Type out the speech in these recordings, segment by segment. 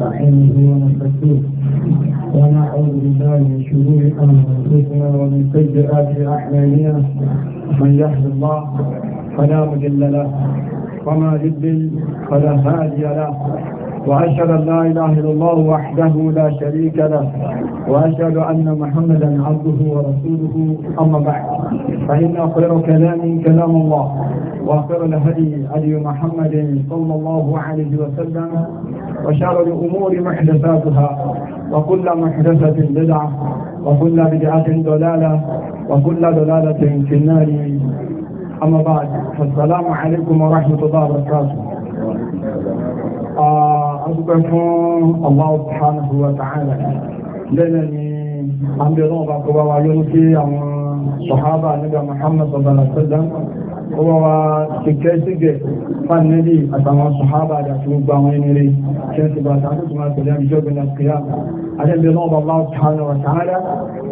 وعينه ونفسه ونعوذ بالله من شرور انفسنا ومن سيئات اعمالنا من يهد الله فلا مضل له وما يضلل فلا هادي له وأشهد أن لا إله إلا الله وحده لا شريك له وأشهد أن محمدا عبده ورسوله أما بعد فإن خير كلام كلام الله وخير الهدي هدي محمد صلى الله عليه وسلم وشر الأمور محدثاتها وكل محدثة بدعة وكل بدعة ضلالة وكل ضلالة في النار أما بعد فالسلام عليكم ورحمة الله وبركاته آه àdúgbẹ́ fún Allah subhanahu wa ta'ala lẹ́nà ni àmì ọlọ́run bá kọ́ bá wa lórí sí àwọn sọ̀hábà nígbà Muhammad sallallahu alaihi wasallam ọwọ́ wa kìkẹ́ sígẹ̀ fánilẹ́dì àtàwọn sọ̀hábà àti gbogbo àwọn ẹni rẹ̀ kí ẹ ti bá tàbí tó máa tẹ̀lé àbíjọ́ gbẹ̀lá kìíyà àjẹ́bẹ̀ náà bàbá ọ̀tàánà ọ̀tàánà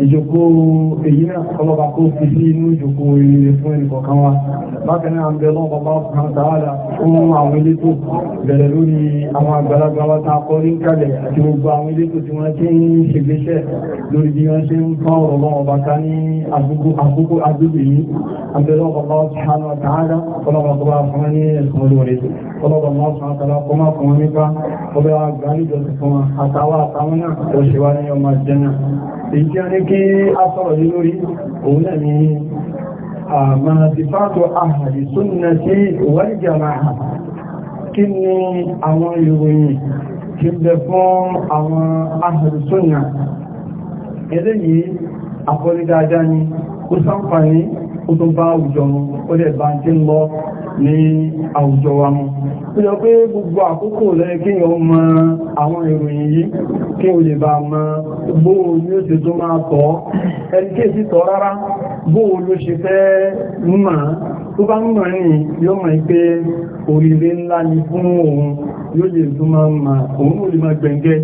ìjòkó èyí náà ọlọ́bà kó fi sí inú ìjòkó ìrìnlẹ̀ fún ẹnìkọ̀ọ̀kan wa bákan náà àjẹ́bẹ̀ náà bàbá ọ̀tàánà fún àwọn elétò bẹ̀rẹ̀ lórí àwọn àgbàlagbà wa ta kọ́ ní kalẹ̀ àti gbogbo àwọn elétò tí wọ́n ti ń ṣègbéṣẹ́ lórí bí wọ́n ọba ká ní وتعالى طلب الله سبحانه المدوري طلب الله سبحانه وتعالى قما قمامك وبيع غالي جلسكما أتعوى أتعونا وشواني يوم الجنة إيجي أنك أصر جنوري أولاني ما صفات أهل السنة والجماعة kíni àwọn ìròyìn tí ń bẹ fún àwọn ahlu sunna eléyìí àpọ̀lẹ́dáadáa ni ó sáǹfàní ó tó bá àwùjọ ó dẹ̀ tí ń lọ ní àwùjọ wa mú. Ó yọ pé gbogbo àkókò lẹ́yẹ kí o mọ àwọn ìròyìn yìí kí o lè bá mọ bóò ní ó ti tó máa tọ́. Ẹni kí èsì tọ́ rárá bóò ló ṣe fẹ́ mọ̀ tó bá mọ̀ ní yóò mọ̀ pé oríire ńlá ni fún òun yóò lè tó máa mọ̀ òun ò lè máa gbẹ̀ngẹ́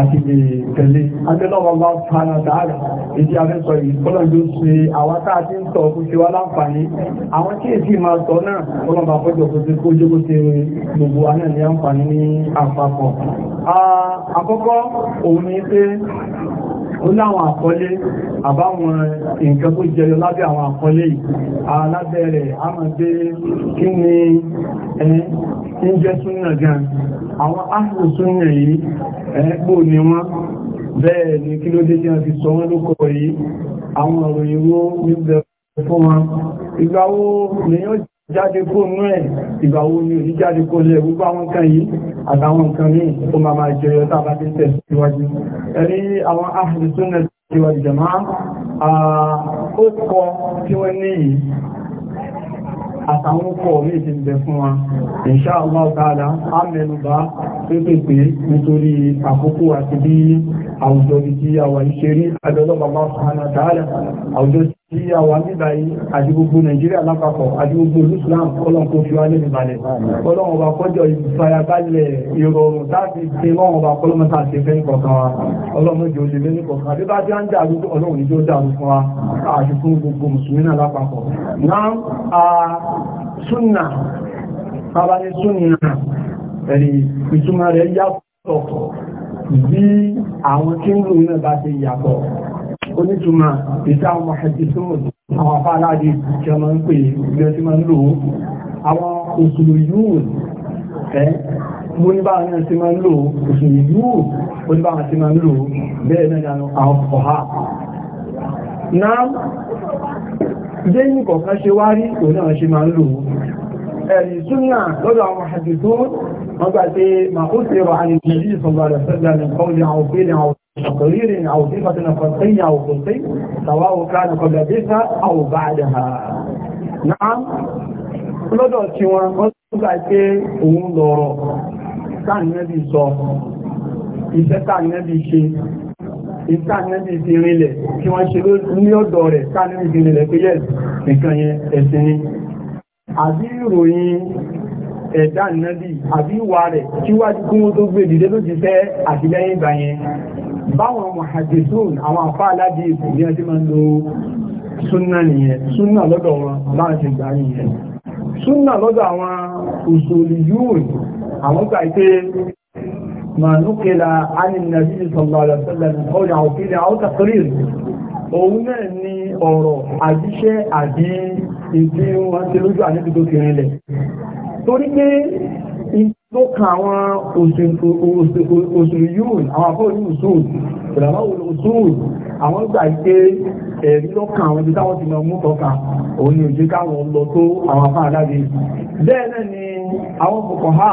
àti lè tẹ̀lé. Adélọ́wọ́ bá fara dáadáa ìdí afẹ́sọ̀ yìí kọ́lọ̀ yóò ṣe àwọn táà ń tọ̀ ọlọ́ba pẹ́jọ pé kó jẹ́ kó ṣe gbogbo aná ní àǹfààní ní àpapọ̀. àkọ́kọ́ òun ni pé ó láwọn àkọlé àbáwọn nǹkan tó jẹyọ lábẹ́ àwọn àkọlé alábẹ́ rẹ̀ a mọ̀ pé kí ni ẹ̀ ń jẹ́ súnnà gan àwọn áàrùn súnnà yìí ẹ̀ẹ́gbò ni wọ́n bẹ́ẹ̀ ni kí ló dé jẹ́ àti sọ wọ́n lókọ̀ yìí jáde kó nú ẹ̀ ìgbàwó ni òní jáde kó lẹ̀ gbogbo àwọn nǹkan yìí àtàwọn nǹkan ní ó máa máa jẹyọ tàbá tí tẹ̀ síwájú ẹ̀rí àwọn ahlu sunna síwájú jẹ̀má ó kọ tí wọ́n ní yìí àtàwọn kọ̀ mí ti bẹ̀ fún wa insha Allah ta'ala á mẹ́nubà pépèpé nítorí àkókò àti bí àwùjọ bí tí àwà ìṣerí àjọ́lọ́bàbá subhanahu wa ta'ala àwùjọ tí a wà nígbà yìí àti nàìjíríà lápapọ̀ àti gbogbo olùsùlám fi wá lẹ́nu balẹ̀ ọlọ́run ọba kọjọ ìfarabalẹ̀ ìrọ̀rùn láti ṣe lọ́run ọba kọlọ́mọ a ṣe fẹ́ nìkọ̀kan wa ọlọ́run jẹ́ olè lẹ́nu kọ̀kan bí bá ti ń dàrú ọlọ́run ìjọ dàrú fún wa àti fún gbogbo mùsùlùmí náà lápapọ̀ náà súnà onítùmọ̀ ìta ọmọ ẹ̀dìsún àwọn afá aláàdì tí ọmọ ń pè bí ó ti máa ń lò ó àwọn òṣèlú yóò ẹ́ mú ní báwọn náà ti máa ń lò ó òṣèlú yóò mú ní báwọn ti máa ń lò ó bẹ́ẹ̀ náà ni àwọn ọ̀há ẹ̀yìn súnà lọ́dọ̀ àwọn àjẹ́tó wọ́n gbà pé màkúsí rọ̀ àìjẹ́jì sọ̀gbàrẹ̀ sẹ́gbà ní kọ́lì àwọn òfin àwọn تقرير أو صفة نفسية أو خلقية سواء كان قبل أو بعدها نعم lọ́dọ̀ tí wọn wọ́n tó gbà pé òun lọ́rọ̀ táàmìnẹ́bì sọ iṣẹ́ táàmìnẹ́bì ṣe ìtàmìnẹ́bì ti rinlẹ̀ tí wọ́n ṣe ní ọ̀dọ̀ rẹ̀ táàmìnẹ́bì ti rinlẹ̀ pé yẹ́ nìkan yẹn ẹ̀sìn ni àbí ìròyìn ẹ̀dá ìnábì àbí ìwà rẹ̀ kíwájú kí wọ́n tó gbé ìdílé tó ti fẹ́ àtìlẹ́yìn ìgbà yẹn báwọn muhaddisun àwọn àfá aládé ìpò ní ọdí máa ń lo súnà nìyẹn súnà lọ́dọ̀ wọn bá ti gbà nìyẹn súnà lọ́dọ̀ àwọn òṣòlì yúùn àwọn gbà pé mànúkẹ́lá ánìyàn nàbí sallallahu alaihi wasallam òun náà ni ọ̀rọ̀ àjíṣẹ́ àbí ìdí wọn ti lójú àníbi tó kiri lẹ̀ torí pé tó ka àwọn òṣèlú yóò àwọn àbọ̀lú òṣùn ìrànlọ́ òṣùn àwọn gbà ike ẹ̀rí lọ́kàn àwọn ibi ti máa tọ́ka òun ni òjé káwọn lọ tó àwọn afá aláde bẹ́ẹ̀ náà ni àwọn fòkànhá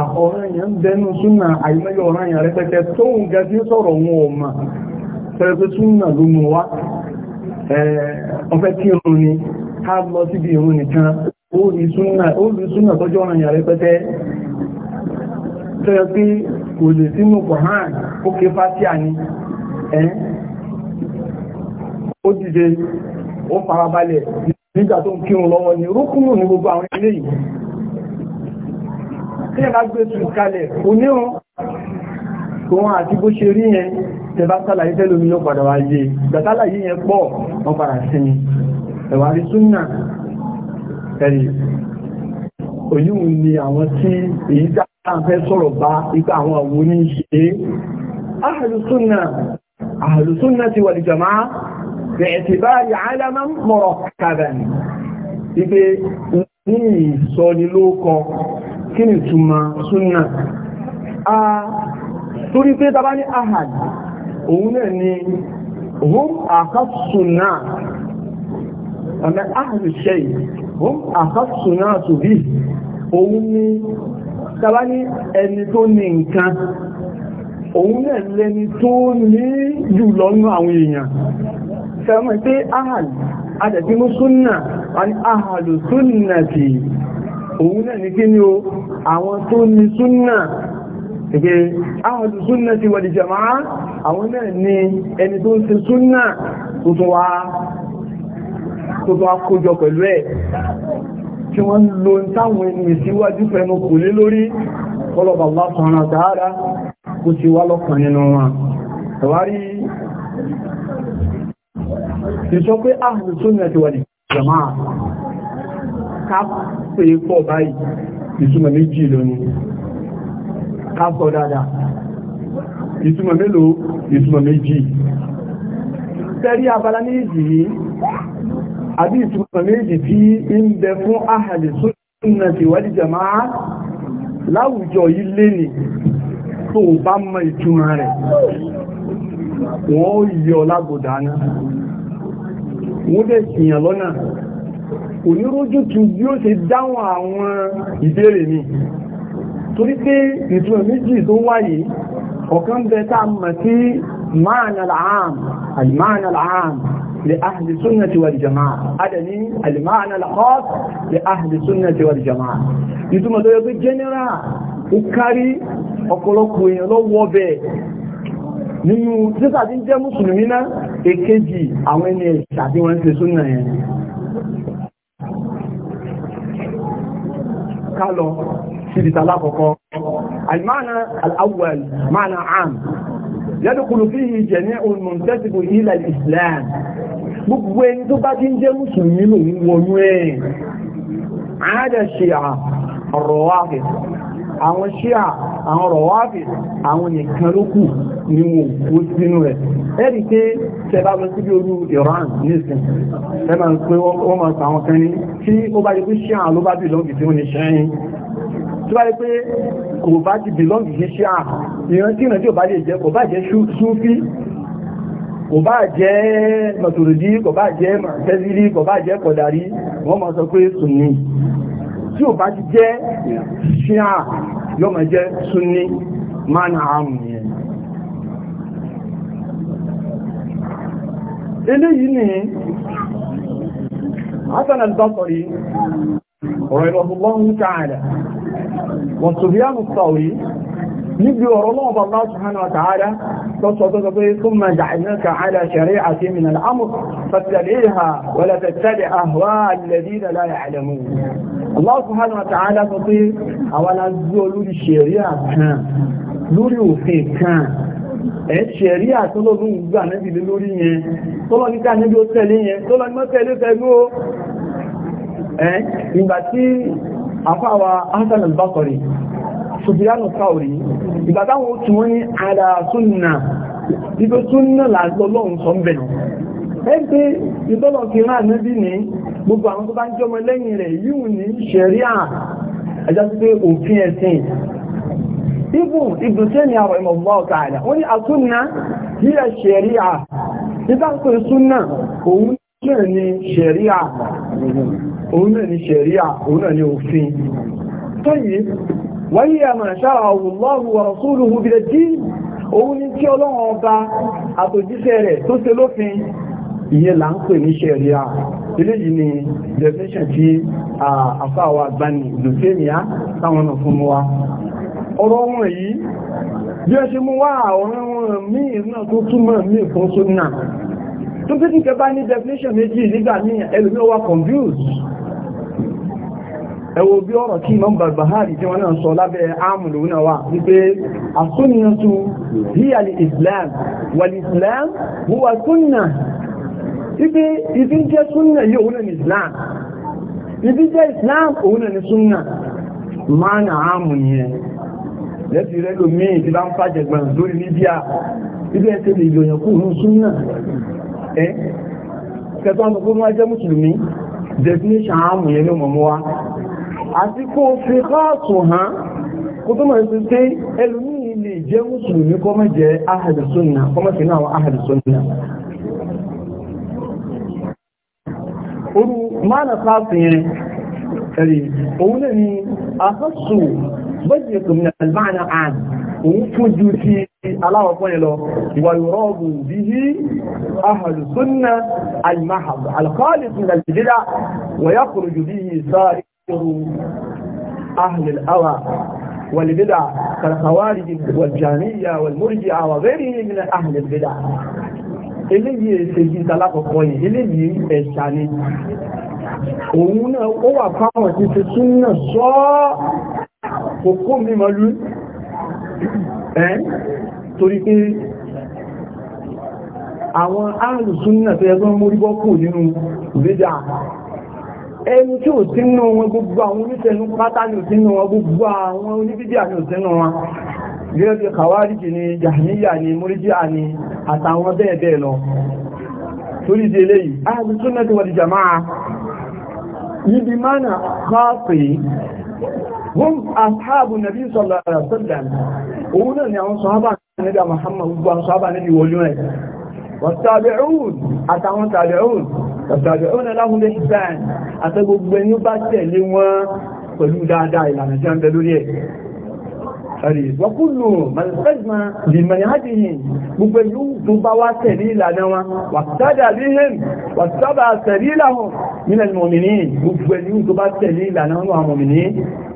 àkọ̀ọ̀rẹ́yàn bẹnu súnà àìmẹ́yọ̀ ọ̀rẹ́yàn rẹpẹtẹ tó ń gẹ tí sọ̀rọ̀ wọn ọmọ tẹ́rẹpẹ súnà ló mú wá ọfẹ́ tí irun ni ká lọ síbi irun nìkan ó rí súnà tọ́jọ́ ọ̀rẹ́yàn rẹpẹtẹ tẹ́rẹpẹ kò tí ẹ bá gbé sùn kalẹ̀ oníhun òun àti bó ṣe rí yẹn tẹ bá sálàyé tẹ́lómi yóò padà wá yé gbàtálà yí yẹn pọ̀ wọ́n padà sí ni ẹ̀wà rí súnà ẹ̀rì òyíhun ni àwọn tí èyí dáadáa fẹ́ sọ̀rọ̀ bá ipa àwọn àwọn oníṣe ahlu ti wà kí ni túnmà súnnà a torí pé tàbá ní ahad òun náà ni hum àkásùnà ọ̀nà ahàdù ṣe hum àkásùnà tòbí òun ni tàbá ní ẹni tó ní nǹkan òun náà lẹni tó ní jù lọ́nà àwọn èèyàn sẹ́wọ́n pé ahàdù adẹ̀bí súnnà òun náà ní kí ni o àwọn tó ní súnnà ẹgbẹ́ àwọn tó súnnà ti wà di jama'a àwọn náà ní ẹni tó ń ṣe súnnà tuntun wa kójọ pẹ̀lú ẹ̀ tí wọ́n ń lo táwọn ènìyàn síwájú fẹ́nu kò lé lórí ọlọ́bà Allah subhanahu wa ta'ala kò sí wá lọ́kàn pè é pọ̀ báyìí ìtumọ̀ méjì lónìí ká sọ dáadáa ìtumọ̀ mélòó ìtumọ̀ méjì tẹ́rí abala méjì yìí àbí ìtumọ̀ méjì tí ń bẹ fún ahàlẹ̀ sónà ti wal jamaa láwùjọ yìí lé ní tó bá mọ ìtumọ̀ rẹ̀ wọ́n yọ lágbòdá náà wọ́n dẹ̀ ṣìyàn lọ́nà oníròjútu bí ó ṣe dáhùn àwọn ìbéèrè mi torí pé ìtumọ̀ méjì tó wáyé ọ̀kan bẹ tá a mọ̀ sí ma'ana al'am al-ma'ana al'am li ahli general ó kárí ọ̀pọ̀lọpọ̀ èèyàn ló wọ́ bẹ́ẹ̀ nínú títà tí ń jẹ́ mùsùlùmí náà ká lọ síbi tàlá kọ̀kọ́ alìmáàna al'awwal máàna àm yadkhulu fihi jami'un muntasib ila al-islam gbogbo ẹni tó bá ti ń jẹ́ mùsùlùmí lòun wọnú ẹ̀ àádà ṣe àrọ̀wáfẹ́ àwọn ṣíà àwọn rọ̀wáàbì àwọn nìkan ló kù ní wọn kó sínú rẹ̀ ẹ̀rì pé tẹ́bà lọ sí orú Iran nìsìn tẹ́bà ń pé wọ́n máa sàwọn kan ní tí ó bá yẹ pé ṣíà ló bá bìlọ́ǹgì tí wọ́n ní ṣẹ́yìn tí wáyé pé kò bá ti bìlọ́ǹgì sí ṣíà ìrántí ìrántí ò bá lè jẹ́ kò bá jẹ́ súfí kò bá jẹ́ mọ̀tòròdí kò bá jẹ́ mọ̀tẹ́zírí kò bá jẹ́ kọ̀dàrí wọ́n máa sọ pé sùnni tí ò bá ti jẹ́ ṣíà yọmọ jẹ́ súnní mánà àmù yẹn eléyìí ni Hasan al ọ̀rọ̀ ìlọ́gbọ̀n ń káàdà wọ̀n Sufyan al-Thawri níbi ọ̀rọ̀ lọ́wọ́ bàbá ṣùhánà tààdá lọ́sọ̀tọ́ pé kún ma jàìnáka ala ṣẹ̀rẹ́ àti min al'amur fattaliha wala tattali ahwa alladina la ya'lamun Allah subhanahu wa ta'ala sọ pé àwọn alájú olórí ṣẹ̀ríà kan lórí òfin kan ẹ̀ ṣẹ̀ríà tó lọ́dún gbà níbi lórí yẹn tó lọ́ níbi ó tẹ̀lé yẹn tó lọ́ níta níbi ó tẹ̀lé ìgbà tí afáwa Hasan al-Bakari sùfìyànù káòrí ìgbà táwọn ó tún ní ibi súnnà làgbọ́ lọ́hùn sọ ẹgbẹ́ ìtọ́lọ̀ níbi ní gbogbo àwọn tó bá ń jọmọ lẹ́yìn rẹ̀ yíò ní ṣẹ̀ríà òfin ẹ̀sìn ibu ibùsẹ́ni àwọn ìmọ̀gbọ́ ọ̀tà àdá ó ní àtúnnà yíyà ṣẹ̀ríà nígbà pé súnnà òun ni òun náà ni wáyé ma shara'a Allahu wa rasuluhu bil din òun ni tí ọlọ́run ọba àtòjíṣẹ́ rẹ̀ tó ṣe lófin ìyẹn là ń pè ní ṣẹ̀ríà eléyìí ni definition tí àfáwà àgbáni lùfẹ́mìá táwọn náà fún wa ọ̀rọ̀ wọn yìí bí ó ṣe mú wá ọ̀rọ̀ wọn míì náà tó túmọ̀ míì fún súnnà tó bí kí kẹba ní definition méjì nígbà ní ẹlòmíọ́wà confused ẹwọ bí ọ̀rọ̀ kí imam barbahari tí wọ́n náà sọ lábẹ́ àmùlò náà wà wípé asúnniyàtú hiya li islam wal islam huwa súnnà ibi ibi jẹ́ súnnà yìí òun ní islam ibi jẹ́ islam òun ní súnnà máa nà àmù yẹn lẹ́sì rẹ̀ ló mí ìdíbà ń fàjẹ̀gbọ̀n lórí libya ibi ẹ̀sẹ̀ lè yọ̀yàn kú ní súnnà ẹ́ kẹtọ́ àwọn ọmọ jẹ́ àti kó fi káàkù hàn kó tó mọ̀ sí pé ẹlùmí ilé jẹ́ mùsùlùmí kọ́ mọ́ jẹ́ ahàdùsọ́nà kọ́ mọ́ sí náà àwọn ahàdùsọ́nà orú mánà káàkù yẹn ẹ̀rí òun náà ni àkọ́sù bọ́jẹ̀ kòmìnà albáàna àn òun fójú sí aláwọ̀kọ́ yẹn lọ أهل الأوى والبدع كالخوارج والجانية والمرجعة وغيرهم من أهل البدع eléyìí èsèjì ìtàlákọ̀ọ́kọ́ yìí eléyìí ẹ̀ṣà ni òun náà ó wà fáwọn tí ti tún náà sọ òkú mímọ̀ lú ẹ́ torí pé àwọn ààrùn sún náà tó ẹgbẹ́ mórí bọ́kù nínú ìgbéjà ẹni tí ò sínú wọn gbogbo àwọn oníṣẹ́nu pátá ní òsínú wọn gbogbo àwọn oníbídíà ní òsínú wọn gẹ́gẹ́ bí kàwáríkì ni jàmíyà ni móríjíà ni àtàwọn bẹ́ẹ̀ bẹ́ẹ̀ lọ torí di eléyìí ahàbí súnnà tí wọ́n di jama'a níbi mánà kọ́ọ̀pì wọ́n àtàbù nàbí sallallahu alaihi wasallam ọ̀tàbí ọ̀nà láhùn lè ṣáàn àtẹ́gbogbo ẹni bá tẹ̀lé wọn pẹ̀lú dáadáa ìlànà tí a ń bẹ lórí ẹ̀ وكل من استجمع لمنهجهم مبيوم ضبوا سبيل نوا واقتدى بهم واتبع سبيلهم من المؤمنين مبيوم ضبوا سبيل نوا المؤمنين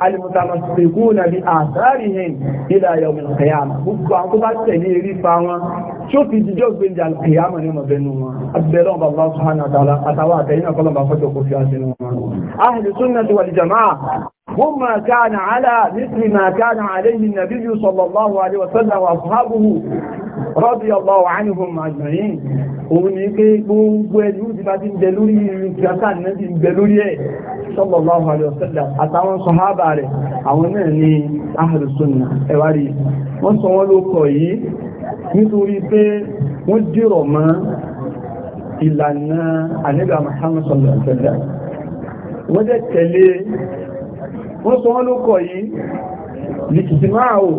المتمسكون بآثارهم إلى يوم القيامة مبيوم ضبوا سبيل فاوا شوف الجو بين القيامة يوم بينهما أبدلهم الله سبحانه وتعالى أتوا أتينا كلهم بفتح قفياتنا أهل السنة والجماعة هم ما كان على مثل ما كان عليه النبي صلى الله عليه وسلم وأصحابه رضي الله عنهم أجمعين ونيكي بوجود ما تنجلوري كاسان نبي بلوري صلى الله عليه وسلم أتاون صحابة عليه أولا ني أهل السنة ẹ̀wárí wọ́n sọ wọ́n ló kọ̀ yìí nítorí pé wọ́n dìrọ̀ mọ́ ìlànà àníbà Muhammad sallallahu wọ́n sọ wọ́n ló kọ̀ yìí lìtìmáàwò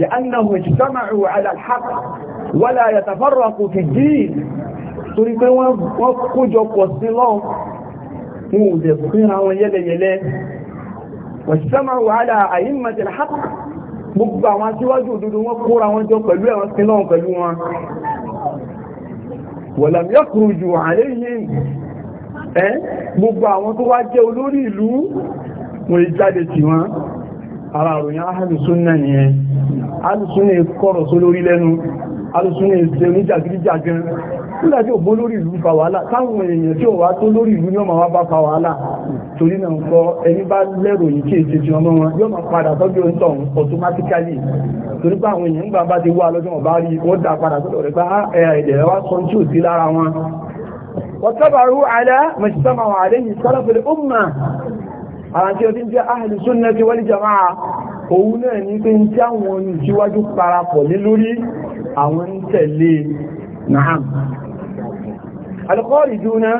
yà annahu ìtìtàmàrù alàlhaq wala yatafarraqu fi din torí pé wọ́n kójọ pọ̀ sí lọ́n wọn ò lè fún àwọn yẹ́lẹ̀yẹ́lẹ́ wàtìtàmàrù alà àyímàtì alhaq gbogbo gbogbo àwọn tó wá jẹ́ olórí ìlú wọ́n yí jáde tí wọ́n ara àròyìn ahàlùsúnnà nìyẹn alùsúnnà kọ̀rọ̀ só lórí lẹ́nu alùsúnnà ìṣẹ́ oníjàgíríjàgan nígbàtí ò bó lórí ìlú fa wàhálà táwọn èèyàn tí ó wá tó lórí ìlú ní ọmọ wá bá fa wàhálà torí náà kọ ẹni bá lẹ́rò kí èsì tí ọmọ wọn yóò máa padà tọ́jú oúntọ̀ automatically torí pé àwọn èèyàn gbà bá ti wá lọ́jọ́ ọ̀bá rí wọ́n dá padà sọ́dọ̀ rẹ̀ pé ah, ẹ̀ẹ̀dẹ̀ wá sọ tí ò sí lára wọn wọ́n sábà rú alẹ́ mọ̀ṣíṣẹ́ àwọn tí ó ti ń jẹ́ ahlu sunnati wal jamaa òun náà ní pé ń tí àwọn olùsíwájú parapọ̀ lé lórí àwọn ń tẹ̀lé na'am al-kharijuna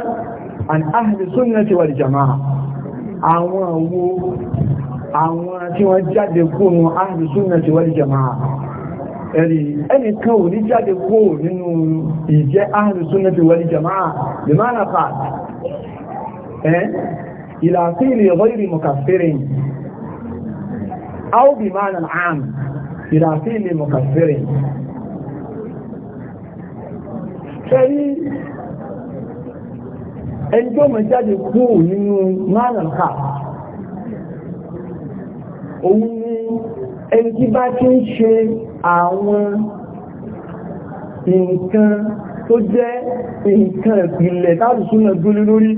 an ahlu sunnati wal jamaa àwọn owó àwọn tí wọ́n jáde kóònù ahlu sunnati wal jamaa ẹ̀rí ẹnìkan ò ní jáde kó nínú ìjẹ́ ahlu sunnati wal jamaa lè máa إلى فعل غير مكفر أو بمعنى العام إلى فعل مكفر ṣẹ́rí ẹni tó mọ̀ jáde kúrò nínú márùn-ún òun ni ẹni tí bá tí ń ṣe àwọn nǹkan tó jẹ́ nǹkan ìpìlẹ̀ táàrùsúnà gbólé lórí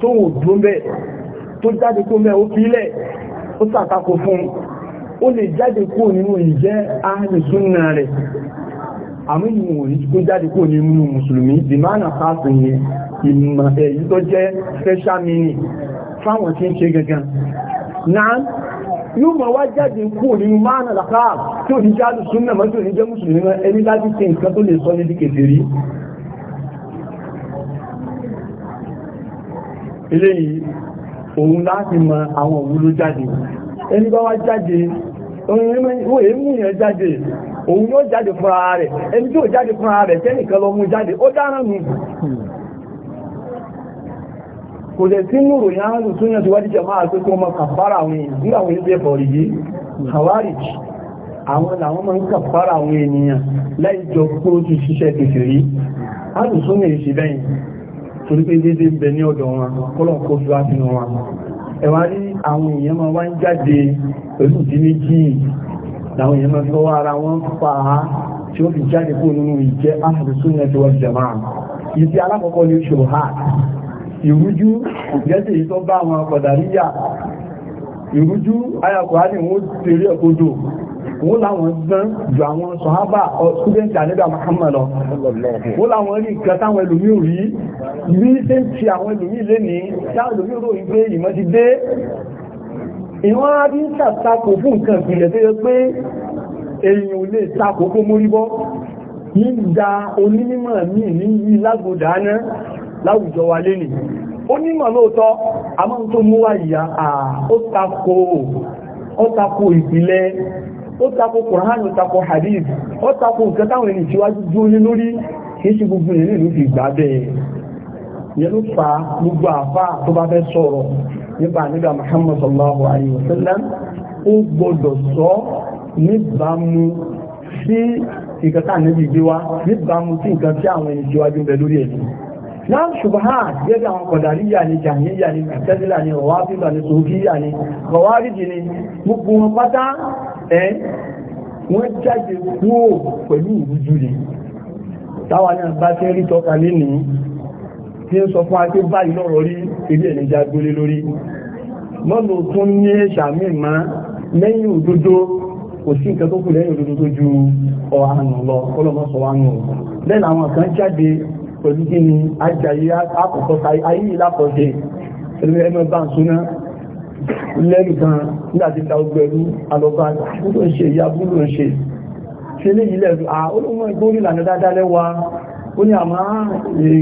tó wò dúró mẹ́ tó jáde kó mẹ́ ó fílẹ̀ ó sàtakò fún ó lè jáde kó nínú ìjẹ́ ahìsúnà rẹ̀ àmì ìmò òní tó jáde kó nínú mùsùlùmí dìmánà pàtàkì yẹn ìmọ̀ èyí tó jẹ́ fẹ́ṣà mini fáwọn tí ń ṣe gangan náà yóò máa wá jáde kó nínú mánà làkàá tí ò ní jáde súnà mọ́tò ní jẹ́ mùsùlùmí ẹni láti ṣe nǹkan tó lè sọ ní dìkẹ̀tẹ̀ rí eléyìí òun láti mọ àwọn òwúlò jáde ẹni bá wá jáde òun èémú yẹn jáde òun yóò jáde ara rẹ̀ ẹni tí ó jáde ara rẹ̀ tẹ́nìkan lọ mú jáde ó dáràn nù kò tí múrò òròyìn àárùn yẹn tó wájí jẹ máa tó kàfàrà àwọn èèyàn torí pé dédé ń bẹ ní ọ̀dọ̀ wọn kọ́lọ̀ kó ju àfihàn wọn ẹ̀wà rí àwọn èèyàn máa wá ń jáde pẹ̀lú ìdí méjì làwọn èèyàn máa fọwọ́ ara wọn fà á tí ó fi jáde kó nínú ìjẹ́ àfẹ́sùn náà tí wọ́n jẹ̀má alákọ̀ọ́kọ́ ní oṣù ha ìrújú ìgbẹ́sẹ̀ yìí tó bá àwọn akọ̀dàríyà ìrújú ayàkọ̀ á ní wọ́n tẹ̀lé ẹ̀kọ́dọ̀ wọ́n láwọn gbọ́n ju àwọn sọ̀hábà ọ ṣúdẹ́ntì àníbà Muhammad lọ wọ́n láwọn rí nǹkan táwọn ẹlòmí ò rí bí ṣe ń ti àwọn ẹlòmí lénìí táwọn ẹlòmí rò ń gbé ìmọ̀ ti dé ìwọ́n á bí ṣàtakò fún nǹkan ìpìlẹ̀ tó yẹ pé èèyàn ò lè ní onímọ̀ lóòótọ́ a máa ń tó mú wáyà ó takò ìpìlẹ̀ ó takò kùránì ó takò hadith ó takò nǹkan táwọn ènìyàn tíwájú dúró lórí kìí ṣe gbogbo ìlú ìlú fi gbà bẹ́ẹ̀ yẹn ló fa gbogbo àfá tó bá fẹ́ sọ̀rọ̀ nípa nígbà Muhammad sallallahu alayhi wa sallam ó gbọdọ̀ sọ níbàámu sí ìkàtà níbi ìgbéwá níbàámu sí nǹkan tí àwọn ènìyàn tíwájú bẹ lórí náà ṣùgbọ́n jẹ́bí àwọn kọ̀dàríyà ni jàmíyà ni ya ni ọ̀wábíbà ni sòfíyà ni kọ̀wárìjì ni gbogbo wọn pátá ẹ́ wọ́n jáde kúrò ni táwa náà bá ti rí tọ́ka nínú tí ń sọ fún wa pé báyìí lọ́rọ̀ rí ilé ẹ̀nìjà gbélé lórí mọ́nà tún ní ju ọ̀hánà lọ pẹ̀lú kí ni ajayi àkọ́kọ́ ayé ìlàkọ̀ṣe ẹ̀lú ẹmọ bá ń súná lẹ́nu kan nígbàtí ta ọgbẹ̀rú alọ́bá búrò ṣe ìyá búrò ṣe ṣe lè ilẹ̀ olóòmọ́ ìgbórí ìlànà dáadáa lẹ́wà ó ní àmá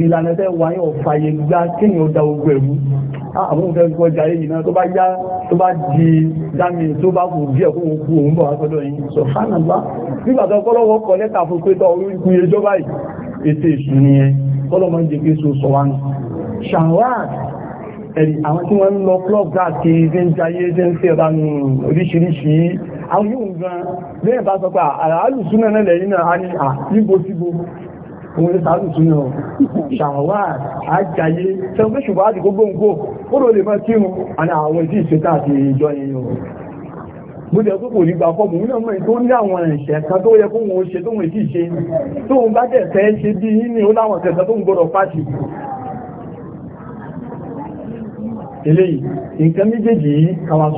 ìlànà tẹ́ wà ní ọ̀fàyè gbá kíyàn da ọgbẹ̀rú àwọn òfẹ́ gbọ́jà yìí náà tó bá yá tó bá di dámi tó bá kù díẹ̀ kó kú òun bọ̀ àtọ́dọ̀ yìí sọ fánàlá nígbàtọ̀ kọ́lọ́wọ́ kọ́ lẹ́tà fún pé tọ́ orí ikú ẹjọ́ báyìí ètè ìṣù nìyẹn kọ́lọ̀mọ́ jẹ́ pé so sọ wá ní ṣàwáàdì ẹ̀rì àwọn tí wọ́n ń lọ club gáàkì ṣe ń jayé ṣe ń fẹ́ ọ̀dánù oríṣiríṣi àwọn yóò gan lẹ́yìn bá sọ pé àràálù súnà náà lẹ́yìn náà a ní àyíbo síbo òun ní sàálù súnà ṣàwáàdì àjayé ti gbogbo nǹkó ó lè mọ́ kírun àwọn ìdí bó jẹ́ tó kò ní gbà fọ́mù náà mọ̀ tó ní àwọn ẹ̀ṣẹ̀ kan tó yẹ kó wọn ṣe tó wọn kì í ṣe tó wọn bá jẹ́ fẹ́ ṣe bí ní ó láwọn kẹta tó ń gbọ́dọ̀ pàṣì eléyìí nǹkan méjèèjì yìí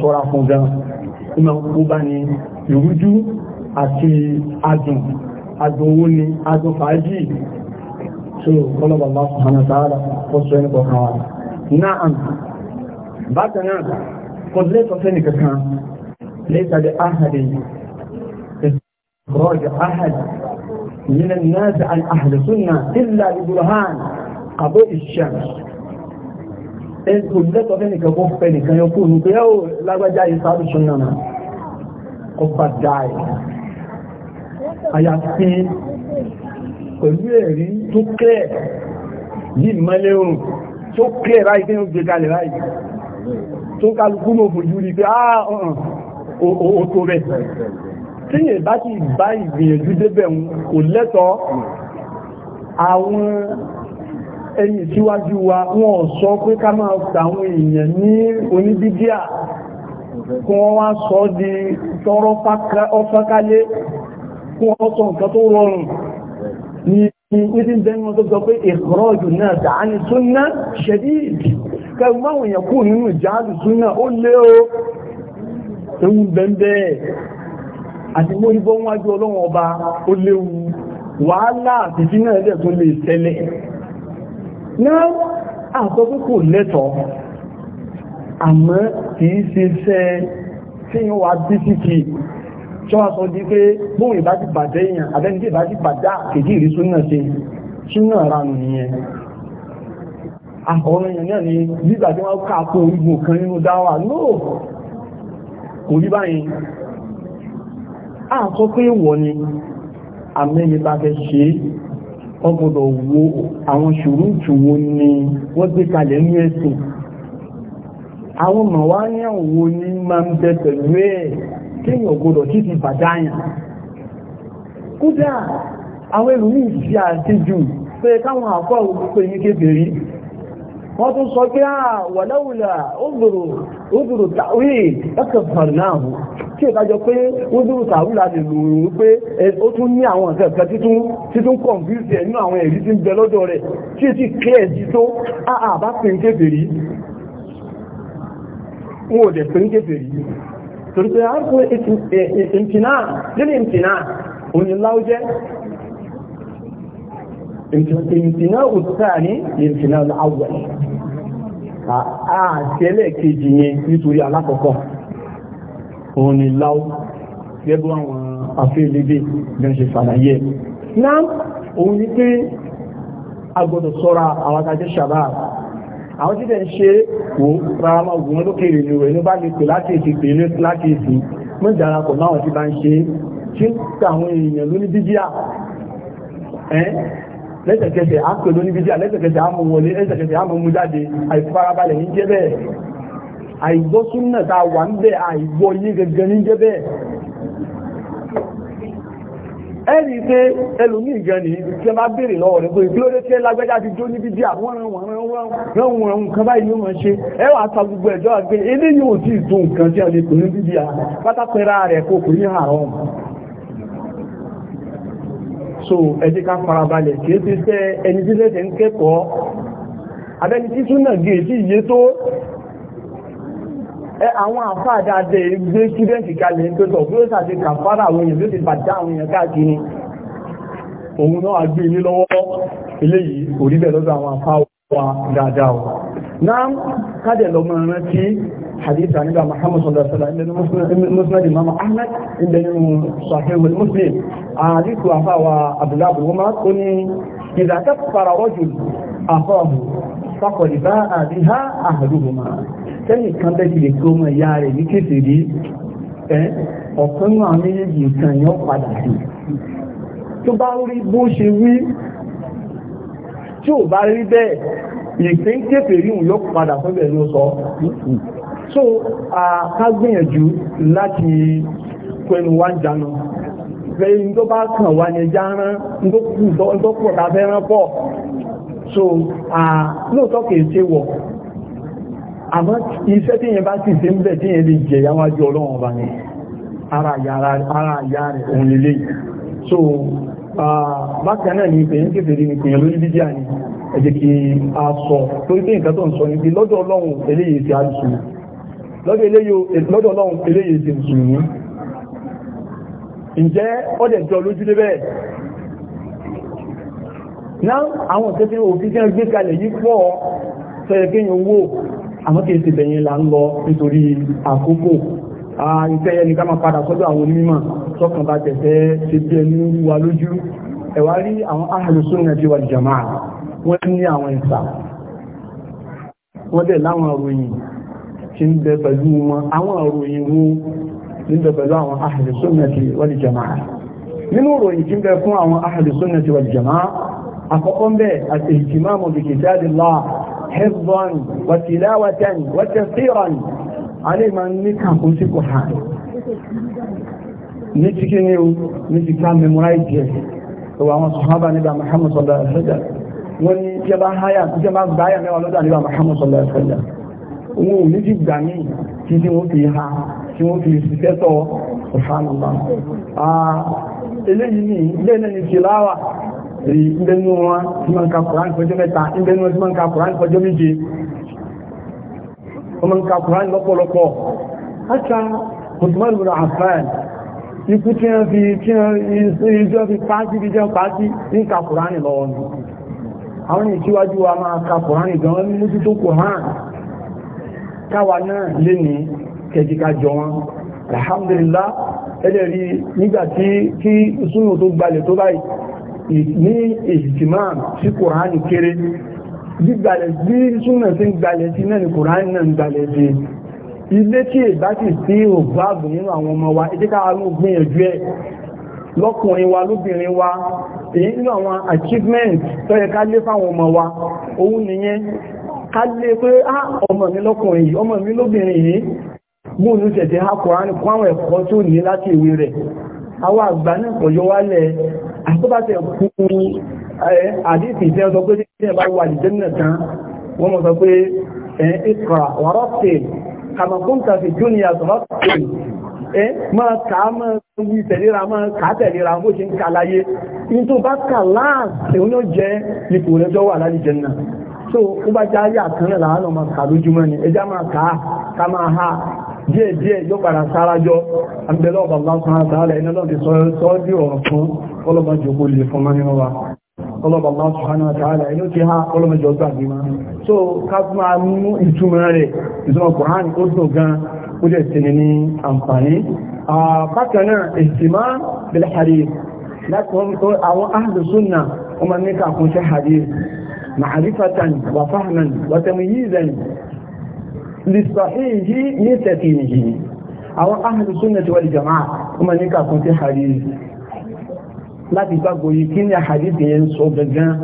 sọ́ra fún gan ìmọ̀ kó bá ní ìrújú àti adùn adùn owó ni adùn fàájì tó kọ́lọ́bà bá sọ̀hánà sáárà ó sọ ẹni kọ̀ọ̀kan wa náà bákan náà kọ̀dílẹ́tọ̀ fẹ́ nìkankan ليس لأحد إخراج أحد من الناس عن أهل سنة إلا ببرهان قبول الشمس ẹ̀kù lẹ́tọ̀ fẹ́nìkan kó fẹ́nìkan yóò kú nípe yóò lágbàjá ìsáàdù ṣúnnà náà kó bá dáì àyàfi pẹ̀lú ẹ̀rí tó kẹ́ yìí mẹ́lẹ́ oòrùn tó kẹ́ ráì ó tó rẹ̀ tíyẹ̀ bá ti bá ìgbìyànjú débẹ̀ kò lẹ́tọ̀ọ́ àwọn ẹni síwájú wa wọ́n sọ pé ká máa tàwọn èèyàn ní oníbídíà kí wọ́n wá sọ di tọrọ ọfákálé kí wọ́n sọ nǹkan tó rọrùn ní ìdí ìdẹ́nu tó sọ pé ìkọ̀rọ̀jù náà tàání súnná ṣẹ̀dí ìdí kẹrù máwòyàn kú nínú ìjáàlù súnná ó lé o ewu bẹ́ẹ̀ àti mórígbọ́ wájú ọlọ́wọ́n ọba ó léwu wàhálà àti jí náà ẹ̀dẹ̀ tó lè ṣẹlẹ̀ náà àkọ́ pé kò lẹ́tọ̀ọ́ àmọ́ kìí ṣe ṣẹ́ tí wọ́n wá bí síkì tí wọ́n sọ di pé bóun ìbá ti bàjẹ́ èèyàn abẹ́ni tí ìbá ti bàjá kèjì ìrí súnà ṣe súnà ranù nìyẹn àkọ̀ọ́rọ̀ èèyàn náà ni nígbà tí wọ́n kà kó orígun kan nínú dáwà náà kò rí báyìí àkọ́ pé wọ́n ni àmẹ́ni bá fẹ́ ṣe ọgbọ̀dọ̀ wo àwọn ṣùrùtù wo ni wọ́n gbé kalẹ̀ ní ẹ̀sìn àwọn mọ̀wáyàn wo ni máa ń bẹ pẹ̀lú ẹ̀ kéèyàn gbọdọ̀ sí ti bàdáyàn kódà àwọn èrò ní ìṣẹ́ àtijù pé káwọn àkọ́ wọ́n tún sọ pé àwọ̀ lẹ́wùlà òdùrù tàwí ẹ̀kẹ̀fẹ̀rẹ̀náàmù tí ìdájọ́ pé òdùrù tàwí láti lòrùn pé ó tún ní àwọn ẹ̀kẹ̀kẹ́ títún kọ̀nfíìsì ẹ̀ nínú àwọn ẹ̀rí tí ń bẹ lọ́dọ̀ rẹ̀ tí ó ti kílẹ̀ sí tó àbá ah, ah, pè ń kéfèrí wọn ò dẹ̀ pè ń kéfèrí torí pé àrùn ah, ìtìnà nínú ìtìnà òní láwùjẹ́ ìtìnáwò sáàní ìtìnáwò àwẹ̀ àti ẹlẹ́ẹ̀kejì yẹn nítorí alákọ̀ọ́kọ́ òun ni láwọ́ gẹ́gbọ́ àwọn afẹ́lẹ́gbẹ́ gan ṣe fàlàyé náà òun ni pé agbọ́dọ̀ sọ́ra àwọn tàjẹ́ ṣàbá àwọn tí tẹ̀ ń ṣe wò rárá máa gùn lókèrè ní rẹ̀ ní bá lè pè láti èsì pè ní láti èsì mú náà tí bá ń ṣe tí ń ta àwọn èèyàn lóní bíbíà lẹ́sẹ̀kẹsẹ̀ á pè lóní bídíà lẹ́sẹ̀kẹsẹ̀ á mú wọlé lẹ́sẹ̀kẹsẹ̀ á mú mú jáde àìfarabalẹ̀ ní jẹ́ bẹ́ẹ̀ a wà ń bẹ̀ àìgbọ́ yí gẹ́gẹ́ ní jẹ́ bẹ́ẹ̀ ẹ̀rí pé ẹlòmí ìgan ní ṣe máa béèrè lọ́wọ́ rẹ̀ pé kí ló dé lágbẹ́já ti jó níbi díà wọ́n ràn wọ́n ràn wọ́n ràn ta gbogbo so ẹjí ká farabalẹ̀ kìí ti fẹ́ ẹni tí lẹ́tẹ̀ ń kẹ́kọ̀ọ́ abẹ́ni tí súnà gẹ̀ sí iye tó ẹ àwọn àfáà dáadẹ́ gbé ṣúdẹ́ǹtì kalẹ̀ ń pẹ́tọ̀ bí ó sàti kàfàrà àwọn èèyàn wa dáadáa o náà kájẹ̀ lọ mọ́ ẹran tí hadith àníbà muhammad sallallahu alaihi wasallam ilẹ̀ muslim imam ahmed ilẹ̀ nínú sahih muslim àdíkù àfáwà abdullahi abdullahuma tó ní ìdàkà fara rọ́jù àfọ́ọ̀mù fakọ̀lì bá àdíhá àhàdùhùmá tẹ́lì kan bẹ́ ti lè kó mọ̀ ìyá rẹ̀ ní kéfèrí ọ̀kan náà méjèèjì nǹkan padà sí tó bá rí bó ṣe wí tí ò bá rí bẹ́ẹ̀ ìpín kéfè ríhùn yóò padà fún bẹ̀rẹ̀ ló sọ so ká gbìyànjú láti pẹnu wá jánu fẹ́yìn tó bá kàn wá ní ẹjá rán tó pọ̀ tàbẹ́ rán pọ̀ so lóòtọ́ kìí ṣe wọ̀ àmọ́ iṣẹ́ tí yẹn bá sì ṣe ń bẹ̀ tí yẹn lè jẹ yáwájú ọlọ́run ọba ni ara àyà rẹ̀ òun lélẹ́yìn so bákan náà ni ìpèyàn kéfèrè ní ìpèyàn lórí bídíà ni ẹ jẹ́ a sọ torí tó ń sọ ní lọ́dọ̀ ọlọ́run eléyìí ti lọ́dọ̀ ọlọ́run eléyìí ti ọdẹ̀ jọ lójúlé bẹ́ẹ̀ àwọn òfin tí wọ́n gbé kalẹ̀ pọ̀ owó ìfẹ́ yẹn ni ká máa padà sọ́dọ̀ àwọn onímọ̀ tọkàn bá tẹ̀fẹ́ ṣe bí ẹni wà lójú ẹ̀wà rí àwọn ahlu sunnati wal jamaa wọ́n ní àwọn ìsà wọ́n dẹ̀ láwọn àròyìn tí ń bẹ pẹ̀lú wọn àwọn àròyìn wo ní bẹ pẹ̀lú àwọn ahlu sunnati wal jamaa nínú ìròyìn a ma máa ní kàkún sí kò hàn ní ti kí ní o ní ti ká memorize ẹ̀ ọwọ́ àwọn sọ̀hábà nígbà Muhammad sallallahu wọ́n ní tí a bá háyà tí a bá gbáyà mẹ́wàá ha ọmọ nǹkan kùrán lọ́pọ̀lọpọ̀ hátà Usman bin Affan ikú tí wọ́n fi tí wọ́n ìjọ fi pàájí bí jẹ́ pàájí ní ka kùrán lọ́wọ́ ni àwọn ìṣíwájú wa máa ka kùrán gan ní mú tító kùrán káwa náà lè ní kẹjíká jọ wọn alhamdulillah ẹlẹ́ rí nígbà tí kí súnmù tó gbalẹ̀ tó báyìí ní ìjìmá sí kùrán kéré gbígbalẹ̀ bí súnà tí ń gbalẹ̀ sí náà ni kòrán náà ń gbalẹ̀ sí ilé tí èbá sì sí òbáàbò nínú àwọn ọmọ wa ìdíkà àwọn ògbìyànjú ẹ̀ lọ́kùnrin wa lóbìnrin wa èyí nínú àwọn achievement tó yẹ ká lé fáwọn ọmọ wa òun nìyẹn ká lé pé á ọmọ mi lọ́kùnrin yìí ọmọ mi lóbìnrin yìí gbóòlù tẹ̀tẹ̀ ha kòrán kó àwọn ẹ̀kọ́ tó ní láti ìwé rẹ̀ àwọn àgbà náà kò yọ wálẹ̀ àtúbàtẹ̀ fún àdífì ìfẹ́ ọ̀sọ̀ pé tí ẹ bá wà ìjẹ́nà tán wọ́n mọ̀ sọ pé ìkọ̀rà wọ́rọ́pẹ̀ kàmàkúntà fi júnìyà sọ́rọ́pẹ̀ ẹ máa kà á máa wí tẹ̀léra máa kà á tẹ̀léra bó ṣe ń kà láyé ní tó bá kà láàrín òun yóò jẹ́ ipò rẹ̀ jọ wà lálìjẹ́ náà so ó bá já yà kan náà láàánà máa kà lójúmọ́ ni ẹjá máa kà á ká máa ha díẹ̀ díẹ̀ yóò padà sárájọ́ àbẹ̀lọ́ ọ̀bàbá kan àtàlẹ̀ iná lọ́dẹ̀ sọ́ọ́dí ọ̀rọ̀ fún ọlọ́bàá jòkó lè fún mọ́ nínú wa ọlọ́bàá máa sọ̀hánà àtàlẹ̀ inú ti ha ọlọ́mọjọ́ gbàgbé máa so ká máa mú ìtumọ̀ rẹ̀ ìtumọ̀ Kùránì ó dùn gan ó dẹ̀ sí معرفة وفهما وتمييزا للصحيح من أو أهل السنة والجماعة وما نكا كنت حديث لا تبقوا يكين يا حديث ينسو بجان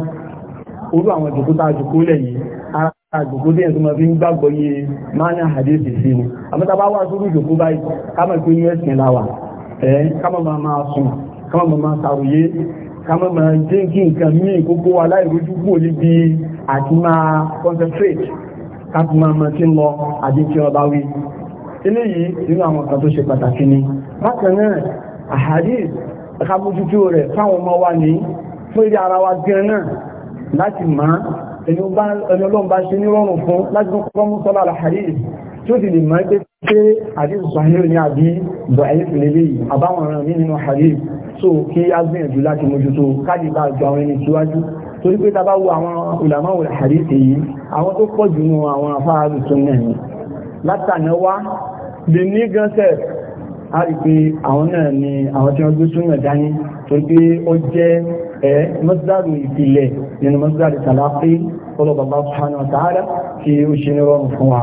olú àwọn ìjòkó tàà jòkó lẹ́yìn ara jòkó tí ẹ̀sùn ma fi ń gbàgbọ́ yé máa ní àdéṣì sí ni àmọ́ta bá wà sórí ìjòkó báyìí ká mọ̀ pé us ní láwà ẹ̀ ká mọ̀ máa sùn ká mọ̀ máa sàròyé kama ma jẹ́ kí nǹkan míì kókó wa láìrójú kú níbi àti máa concentrate káàkì máa mọ̀ tí ń lọ àti tí ọba wí eléyìí nínú àwọn kan tó ṣe pàtàkì ni bákan náà àhàdí ìkábójútó rẹ̀ fáwọn ọmọ wa ní fún ilé ara wa gan náà láti máa ẹni ọlọ́run bá ṣe nírọ̀rùn fún láti kọ́kọ́ mú sọ́lá àhàdí tí ó ti lè máa pé pé àdíṣù sọ̀hìnrì ní àbí bọ̀ẹ̀yẹ́fì lélẹ̀ yìí àbáwọn ọ̀ràn mí nínú hadith so kí á gbìyànjú láti mójútó káàdì bá ju àwọn ẹni síwájú torí pé tábá wo àwọn ulama wòlẹ̀ hadith yìí àwọn a rí pé àwọn náà ni àwọn tí wọ́n gbé súnmọ̀ dání tó gbé ó jẹ́ ẹ̀ mọ́sílárù ìpìlẹ̀ nínú mọ́sílárù tàlàfí ọlọ́bàbá subhanahu wa ta'ala tí ó ṣe ní rọrùn fún wa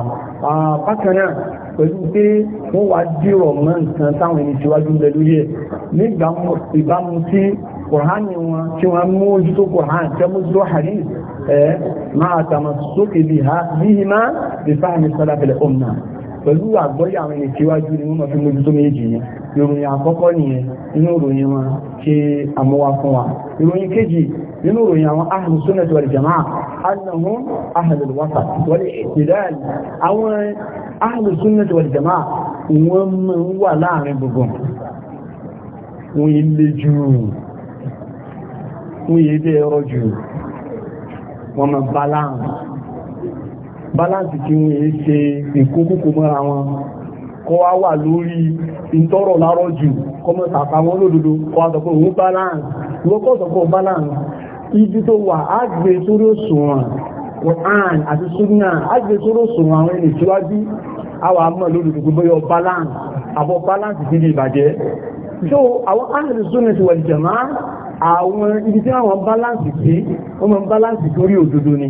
bákan náà pẹ̀lú pé wọ́n wá dírọ̀ mọ́ nǹkan táwọn ẹni tíwájú ń bẹ lórí ẹ̀ nígbà ìbámu sí kùránì wọn tí wọ́n mú ojú tó kùránì tẹ́ mú dúró hàrí ẹ̀ máa tàmà sókè bí i ha bí i máa bí fáhàmì sálàfẹ́lẹ̀ ọ̀nà pẹ̀lú àgbọ́yà àwọn ènìyàn tíwájú ni wọ́n mọ̀ fi mójútó méjì yẹn ìròyìn àkọ́kọ́ nìyẹn inú ìròyìn wọn ṣe àmúwá fún wa ìròyìn kejì nínú ìròyìn àwọn ahlu sunnah wal jamaa annahum ahlul wasat wal i'tidal àwọn ahlu sunnah wal wọ́n mọ̀ ń wà láàrin gbogbo wọ́n yìí lé jù wọ́n yìí balance tí wọ́n èé ṣe ìkókòkò mọ́ra wọn kọ́ wá wà lórí ìtọ́rọ̀ lárọ́ jù kọmọ̀ tàpá wọn lódodo kọ́ wá òun balance wọ́n kọ́ sọ balance ibi tó wà á gbé e sórí òṣùwọ̀n Quran àti Sunna á gbé e sórí òṣùwọ̀n àwọn ènìyàn síwájú àwọn balance àbọ̀ balance ti di so àwọn ahìrì súnmẹ̀sì wà jẹ̀má àwọn ibi tí àwọn balance sí wọ́n mọ̀ balance sórí òdodo ni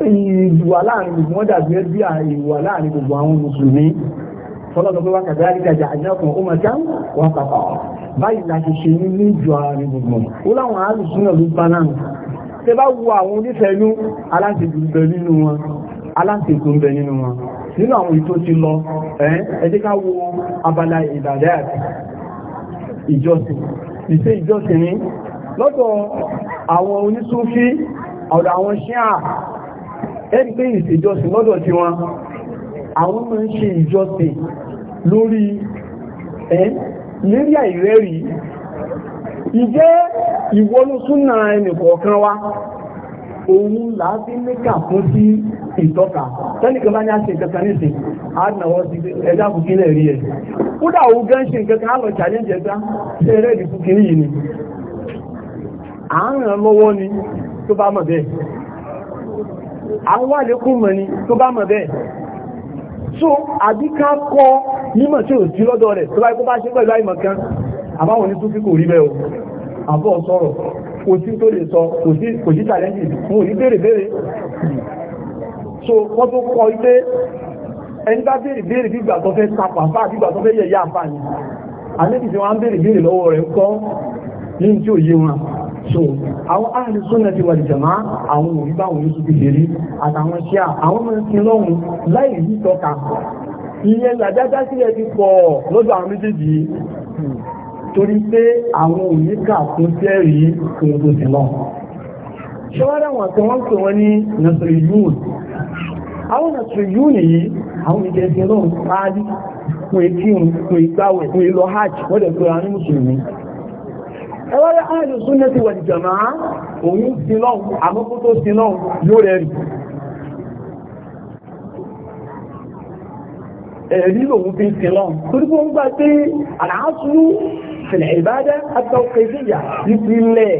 ìwà láàrin gbogbo wọn dàbí ẹbí ìwà láàrin gbogbo àwọn mùsùlùmí tọ́lọ́dọ̀ pé wákàtí àríkàjà àjẹ́kùn ó máa jáwọ́ wọn pàpà báyìí láti ṣe ní ní ìjọ àárín gbogbo ó láwọn alùsúnà ló bá náà tẹ bá wo àwọn onífẹ̀ẹ́nú aláǹtẹ̀kù ń bẹ nínú wọn aláǹtẹ̀kù ń bẹ nínú wọn nínú àwọn ètò ti lọ ẹ jẹ́ ká wo abala ìbàdàn ìjọsìn ìṣe ìjọsìn ní lọ́dọ̀ àwọn onísúfí ọ̀dọ̀ àwọn ṣíà ẹni pé lọ́dọ̀ tí wọn àwọn ń ṣe ìjọsìn lórí ẹ́ lérí àìrẹ́rí ìjẹ́ ìwọ́nú súnà láti mẹ́kà fún sí ìtọ́ka tẹ́nìkan bá ní a ṣe nǹkankan si àdínàwọ́ sí ẹjá fún kílẹ̀ ẹ̀ kódà òun gan ṣe nǹkankan àlọ́ challenge ẹ̀ta ṣe rẹ́ẹ̀dì ni à àwọn wà lékún mọ̀ ni tó bá mọ̀ bẹ́ẹ̀ so àbí ká kọ́ mímọ̀ tí ò sí lọ́dọ̀ rẹ̀ tó bá ikú bá ṣe pẹ̀lú àìmọ̀ kan àbáwọn onítúfí kò rí bẹ́ẹ̀ o àbọ̀ sọ̀rọ̀ kò sí tó lè sọ kò sí tàlẹ́jì fún òní bèèrè bèèrè so wọ́n tó kọ́ ipé ẹni bá bèèrè bèèrè bí ìgbà tó fẹ́ tapà fà bí ní tí ò yé wọn so àwọn ahlu sunnati wal jamaa àwọn òbí báwọn yóò ti ṣe rí àtàwọn ṣíà àwọn ọmọ ẹ̀sìn lọ́hùn láì rí tọ́ka ìyẹn làdájá sílẹ̀ ti pọ̀ lọ́dọ̀ àwọn méjèèjì torí pé àwọn òníkà tó tẹ́rí kòrò sí lọ. ṣọ́wọ́dá wọn tí wọ́n pè wọ́n ní nasiriyun àwọn nasiriyun yìí àwọn ìjẹsìn lọ́rùn páálí fún èkí fún wọ́n dẹ̀ pẹ̀lú ẹwọ́rẹ́ ààrùn súnlẹ̀ ti wọ̀lì jọ̀mọ́ òun sí lọ́hùn àmọ́kú tó sí lọ́hùn yóò rẹ̀ rí ẹ̀rí lòun fi sí lọ́hùn torí kó ń gbà pé àlàáṣú fìlẹ̀ ìbádẹ́ àtàkẹ́síyà nípínlẹ̀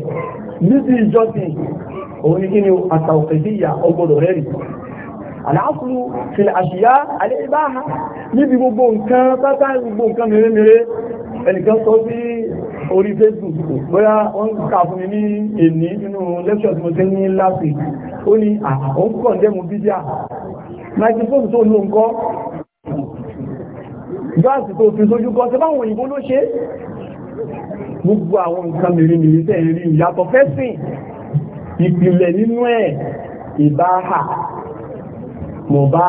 níbi ìjọsìn òun ní kí ni àtàkẹ́síyà ọgbọ́dọ̀ rẹ̀ rí àlàáṣú fìlẹ̀ àṣìyá alẹ́ níbi gbogbo nǹkan pátá gbogbo nǹkan mèremère ẹnìkan sọ sí orí facebook bóyá wọ́n kà fún mi ní èní nínú lecture tí mo tẹ́ ní láti ó ní àwọn kọ̀ndẹ́mù bídíà microphone tó ló ń kọ́ gáàsì tó fi sójú kọ́ tí báwọn òyìnbó ló ṣe gbogbo àwọn nǹkan mìírí mìírí tẹ́ rí ìyàtọ̀ fẹ́sìn ìpìlẹ̀ nínú ẹ̀ ìbáhà mọ̀bá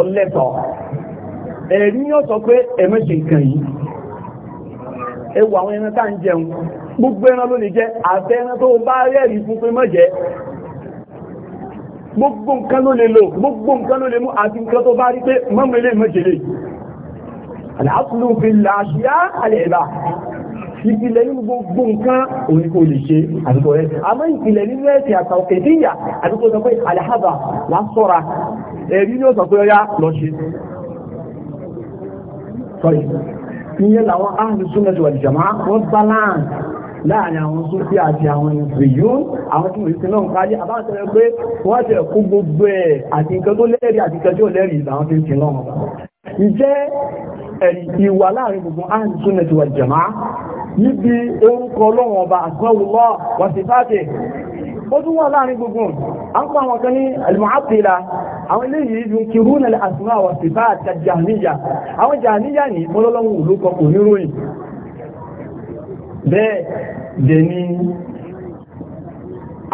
ọlẹ́tọ̀ ẹ̀rí ní ọ̀sọ̀ pé ẹ̀mẹ́ṣe nǹkan yìí ẹwà àwọn ẹran tá ń jẹun gbogbo ẹran ló lè jẹ àfẹ́ ẹran tó bá rẹ́rìí fún pé mọ́ jẹ gbogbo nǹkan ló lè lò gbogbo nǹkan ló lè mú àti nǹkan tó bá rí pé mọ́mọ́ ilé mọ́jẹ̀lẹ̀ ìpìlẹ̀ nínú gbogbo nǹkan òní lè ṣe àdúgbò rẹ̀ àmọ́ ìpìlẹ̀ nínú ẹ̀sìn àtà òkè díyà àdúgbò sọ pé àlàábà lásọ́ra ẹ̀rí ní ó sọ pé ọyá ìyẹn làwọn ahùn súnmọ̀ tí wà jàmá wọ́n balance láàrin àwọn sófí àti àwọn ìrìyó àwọn tí wòye sí náà ń parí àbáṣẹ́rẹ́ pé wọ́n tẹ̀ kó gbogbo ẹ̀ àti nǹkan tó lẹ́rìí àti nǹkan tí ò lẹ́rìí ìlàwọn tí ń ti náà ìjẹ́ ìwà láàrin gbogbo ahùn súnmọ̀ tí wà jàmá níbi orúkọ ọlọ́wọ̀n ọba àgbọ́wùlọ́ wọ́n ti fáàkì ó tún wà láàrin gbogbo àwọn kan ní àlùmọ́ àwọn eléyìí yunkiruna al-asma wa sifat jahmiya àwọn jahmiya ní mọ́lọ́lọ́wọ́ olókọ kò ní ròyìn bẹ́ẹ̀ dẹ̀ ni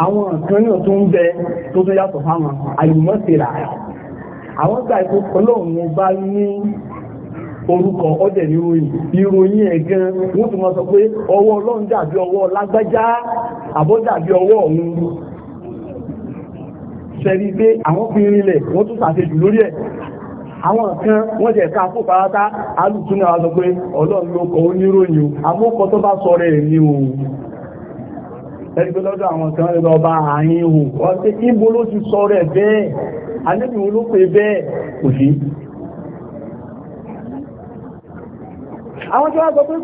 àwọn kan náà tó ń bẹ tó tó yàtọ̀ fáwọn àyùmọ́síra àwọn gbà ikú ọlọ́run bá ní orúkọ ọdẹ̀ ní ìròyìn ìròyìn ẹ̀gán wọ́n ti mọ́ sọ pé ọwọ́ ọlọ́run dàbí ọwọ́ lágbájá àbọ́dàbí ọwọ́ ọ̀hún ṣẹ̀rí pé àwọn fi rinlẹ̀ wọ́n tún sàṣejù lórí ẹ̀ àwọn kan wọ́n jẹ́ ká fún pàátá alùtúnà wa sọ pé ọlọ́run ló kọ oníròyìn amókọ tó bá sọ rẹ̀ ní o ẹni pé lọ́dọ̀ àwọn kan lọ bá àárín o wọ́n tí ibo ló wọ́n sọ pé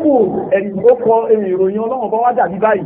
kò ẹ̀rìn ó kọ èròyìn ọlọ́run bọ́ wá dàbí báyìí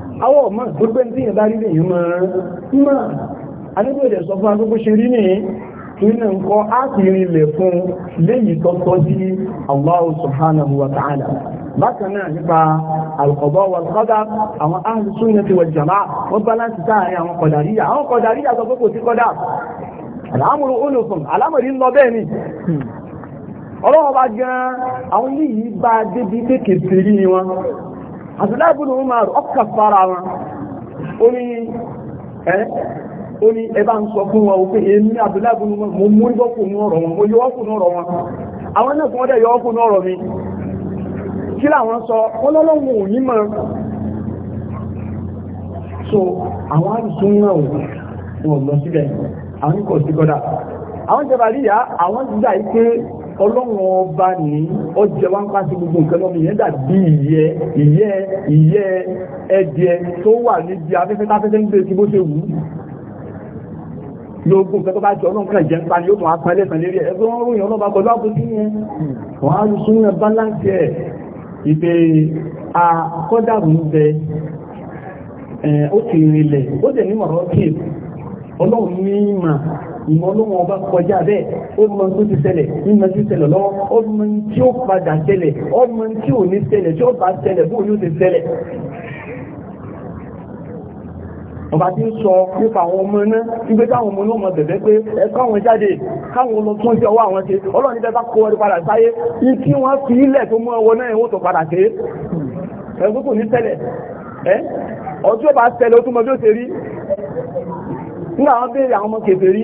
àwọ̀ ọmọ gbogbo tí yẹn bá rí lèyìn mọ́ mọ́ alẹ́gbẹ̀ rẹ̀ sọ fún agbogbo ṣe rí ní iná nǹkan á sì rí ilẹ̀ fún léyìí tọ́tọ́ sí Allah subhanahu wa ta'ala bákan náà nípa al-qada wal-qadar àwọn ahlu sunnati wal jama'a wọ́n bá láti táàrin àwọn kọ̀dàríyà àwọn sí kọ́dà ni wọn Abdullahi ibn Umar ọkà fara wọn ó ní ẹ́ ó ní ẹbá ń sọ fún wọn ó pé èmi Abdullahi ibn Umar mo mú ibọ́ kù ní ọ̀rọ̀ wọn mo yọ kù ní ọ̀rọ̀ wọn àwọn náà fún ọdẹ yọ kù ní ọ̀rọ̀ mi kí làwọn sọ wọn lọ́lọ́wọ́ ò ní mọ̀ so àwọn àìsùn náà wọn lọ síbẹ̀ àwọn kò sí kọ́dà àwọn jẹba ríyà àwọn jíjà yìí pé ọlọ́run ọba ní ọjẹ́ wá ń pa sí gbogbo nǹkan lọ́mọ ìyẹn dàbí ìyẹ́ ìyẹ́ ìyẹ́ ẹ̀dẹ̀ tó wà níbi afẹ́fẹ́ táfẹ́fẹ́ ń gbé sí bó ṣe wù ú lóògùn nǹkan tó bá jọ ọlọ́run kan jẹ́ ń pa ní ó tún á pa ẹlẹ́sàn lérí ẹ̀ ẹgbẹ́ wọn ròyìn ọlọ́ba pẹ̀lú àbójú yẹn wọ́n á sún yẹn báláǹsì ẹ̀ ìpè àkọ́dàrú bẹ ó ti rìnlẹ̀ ó dẹ̀ ní mọ̀rọ̀ ọlọ́run ní mà ìmọ̀ ọlọ́wọ́n ọba kọjá bẹ́ẹ̀ ó mọ tó ti ṣẹlẹ̀ ìmọ̀ tó ṣẹlẹ̀ lọ́wọ́ ó mọ tí ó padà ṣẹlẹ̀ ó mọ tí ò ní ṣẹlẹ̀ tí ó bá ṣẹlẹ̀ bó yóò ti ṣẹlẹ̀. ọba ti ń sọ nípa àwọn ọmọ náà nígbé táwọn ọmọ náà mọ bẹ̀bẹ̀ pé ẹ̀kọ́ àwọn jáde káwọn lọ tún sí ọwọ́ àwọn ṣe ọlọ́run níbẹ̀ bá kọ ọdún padà sáyé kí wọ́n fi ilẹ̀ tó mú ọwọ́ náà ìwọ́n tó padà ṣe ẹ̀kọ́ kò ní ṣẹlẹ̀ ọjọ́ bá ṣẹlẹ̀ ó tún mọ bí ó ṣe rí nígbà wọn béèrè àwọn ọmọ kèfèrí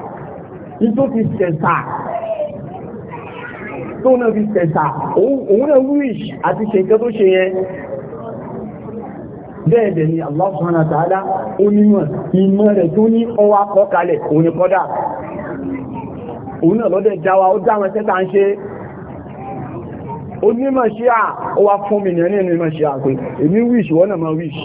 tó ti tẹ̀sà tó náà fi tẹ̀sà òun náà wíṣ àti ṣe nǹkan tó ṣe yẹn bẹ́ẹ̀dẹ̀ ni Allah subhanahu wa ta'ala onímọ̀ ìmọ̀ rẹ̀ tó ní ọwá kọkalẹ̀ òun ni kọ́dà òun náà lọ́dẹ̀ dáwà ó dáwọn tẹ́ta ń ṣe onímọ̀ ṣe à ó wá fún mi nìyàn nínú ìmọ̀ ṣe à pé èmi wish wọ́n náà ma wish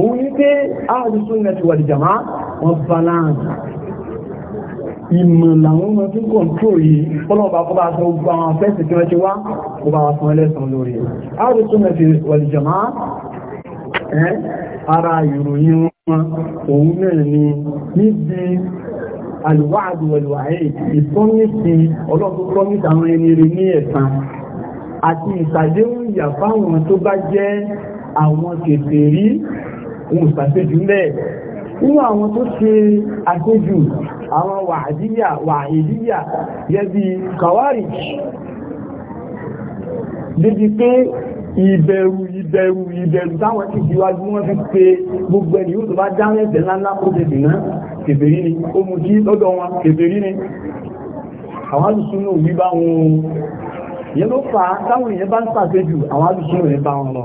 òun ní pé Ahlus Sunnah wal Jama'ah wọ́n balance ìmọ̀ làwọn ọmọ tí kọ̀ntró yìí ọlọ́ọ̀bá kọ́ bá sọ gbogbo àwọn afẹ́sì tí wọ́n ti wá kó bá wá fún ẹlẹ́sàn lórí Ahlus Sunnah wal Jama'ah ara ìròyìn wọn òun náà ni níbi alùwáàdù wẹ̀lùwàáyì ìfọ́nìsì ọlọ́pù promise àwọn ẹni rí ní ẹ̀san àti ìsàdéhùn ìyà fáwọn tó bá jẹ́ àwọn kèfèrí òun ìpàṣẹ́jù mẹ́ nínú àwọn tó ṣe àṣẹ́jù àwọn wàhídíyà wàhídíyà yẹbi kàwárì débi pé ìbẹ̀rù ìbẹ̀rù ìbẹ̀rù táwọn ti jíwájú wọ́n fi pé gbogbo ẹni yóò tó bá dáhùn ẹ̀bẹ̀ ńláńlá kó tẹ̀sì náà kèfèrí ni ó mú kí lọ́dọ̀ wọn kèfèrí ni àwọn alùsùn náà bá wọn yẹn ló fà á táwọn èèyàn bá ń pàṣẹ àwọn alùsùn náà bá wọn lọ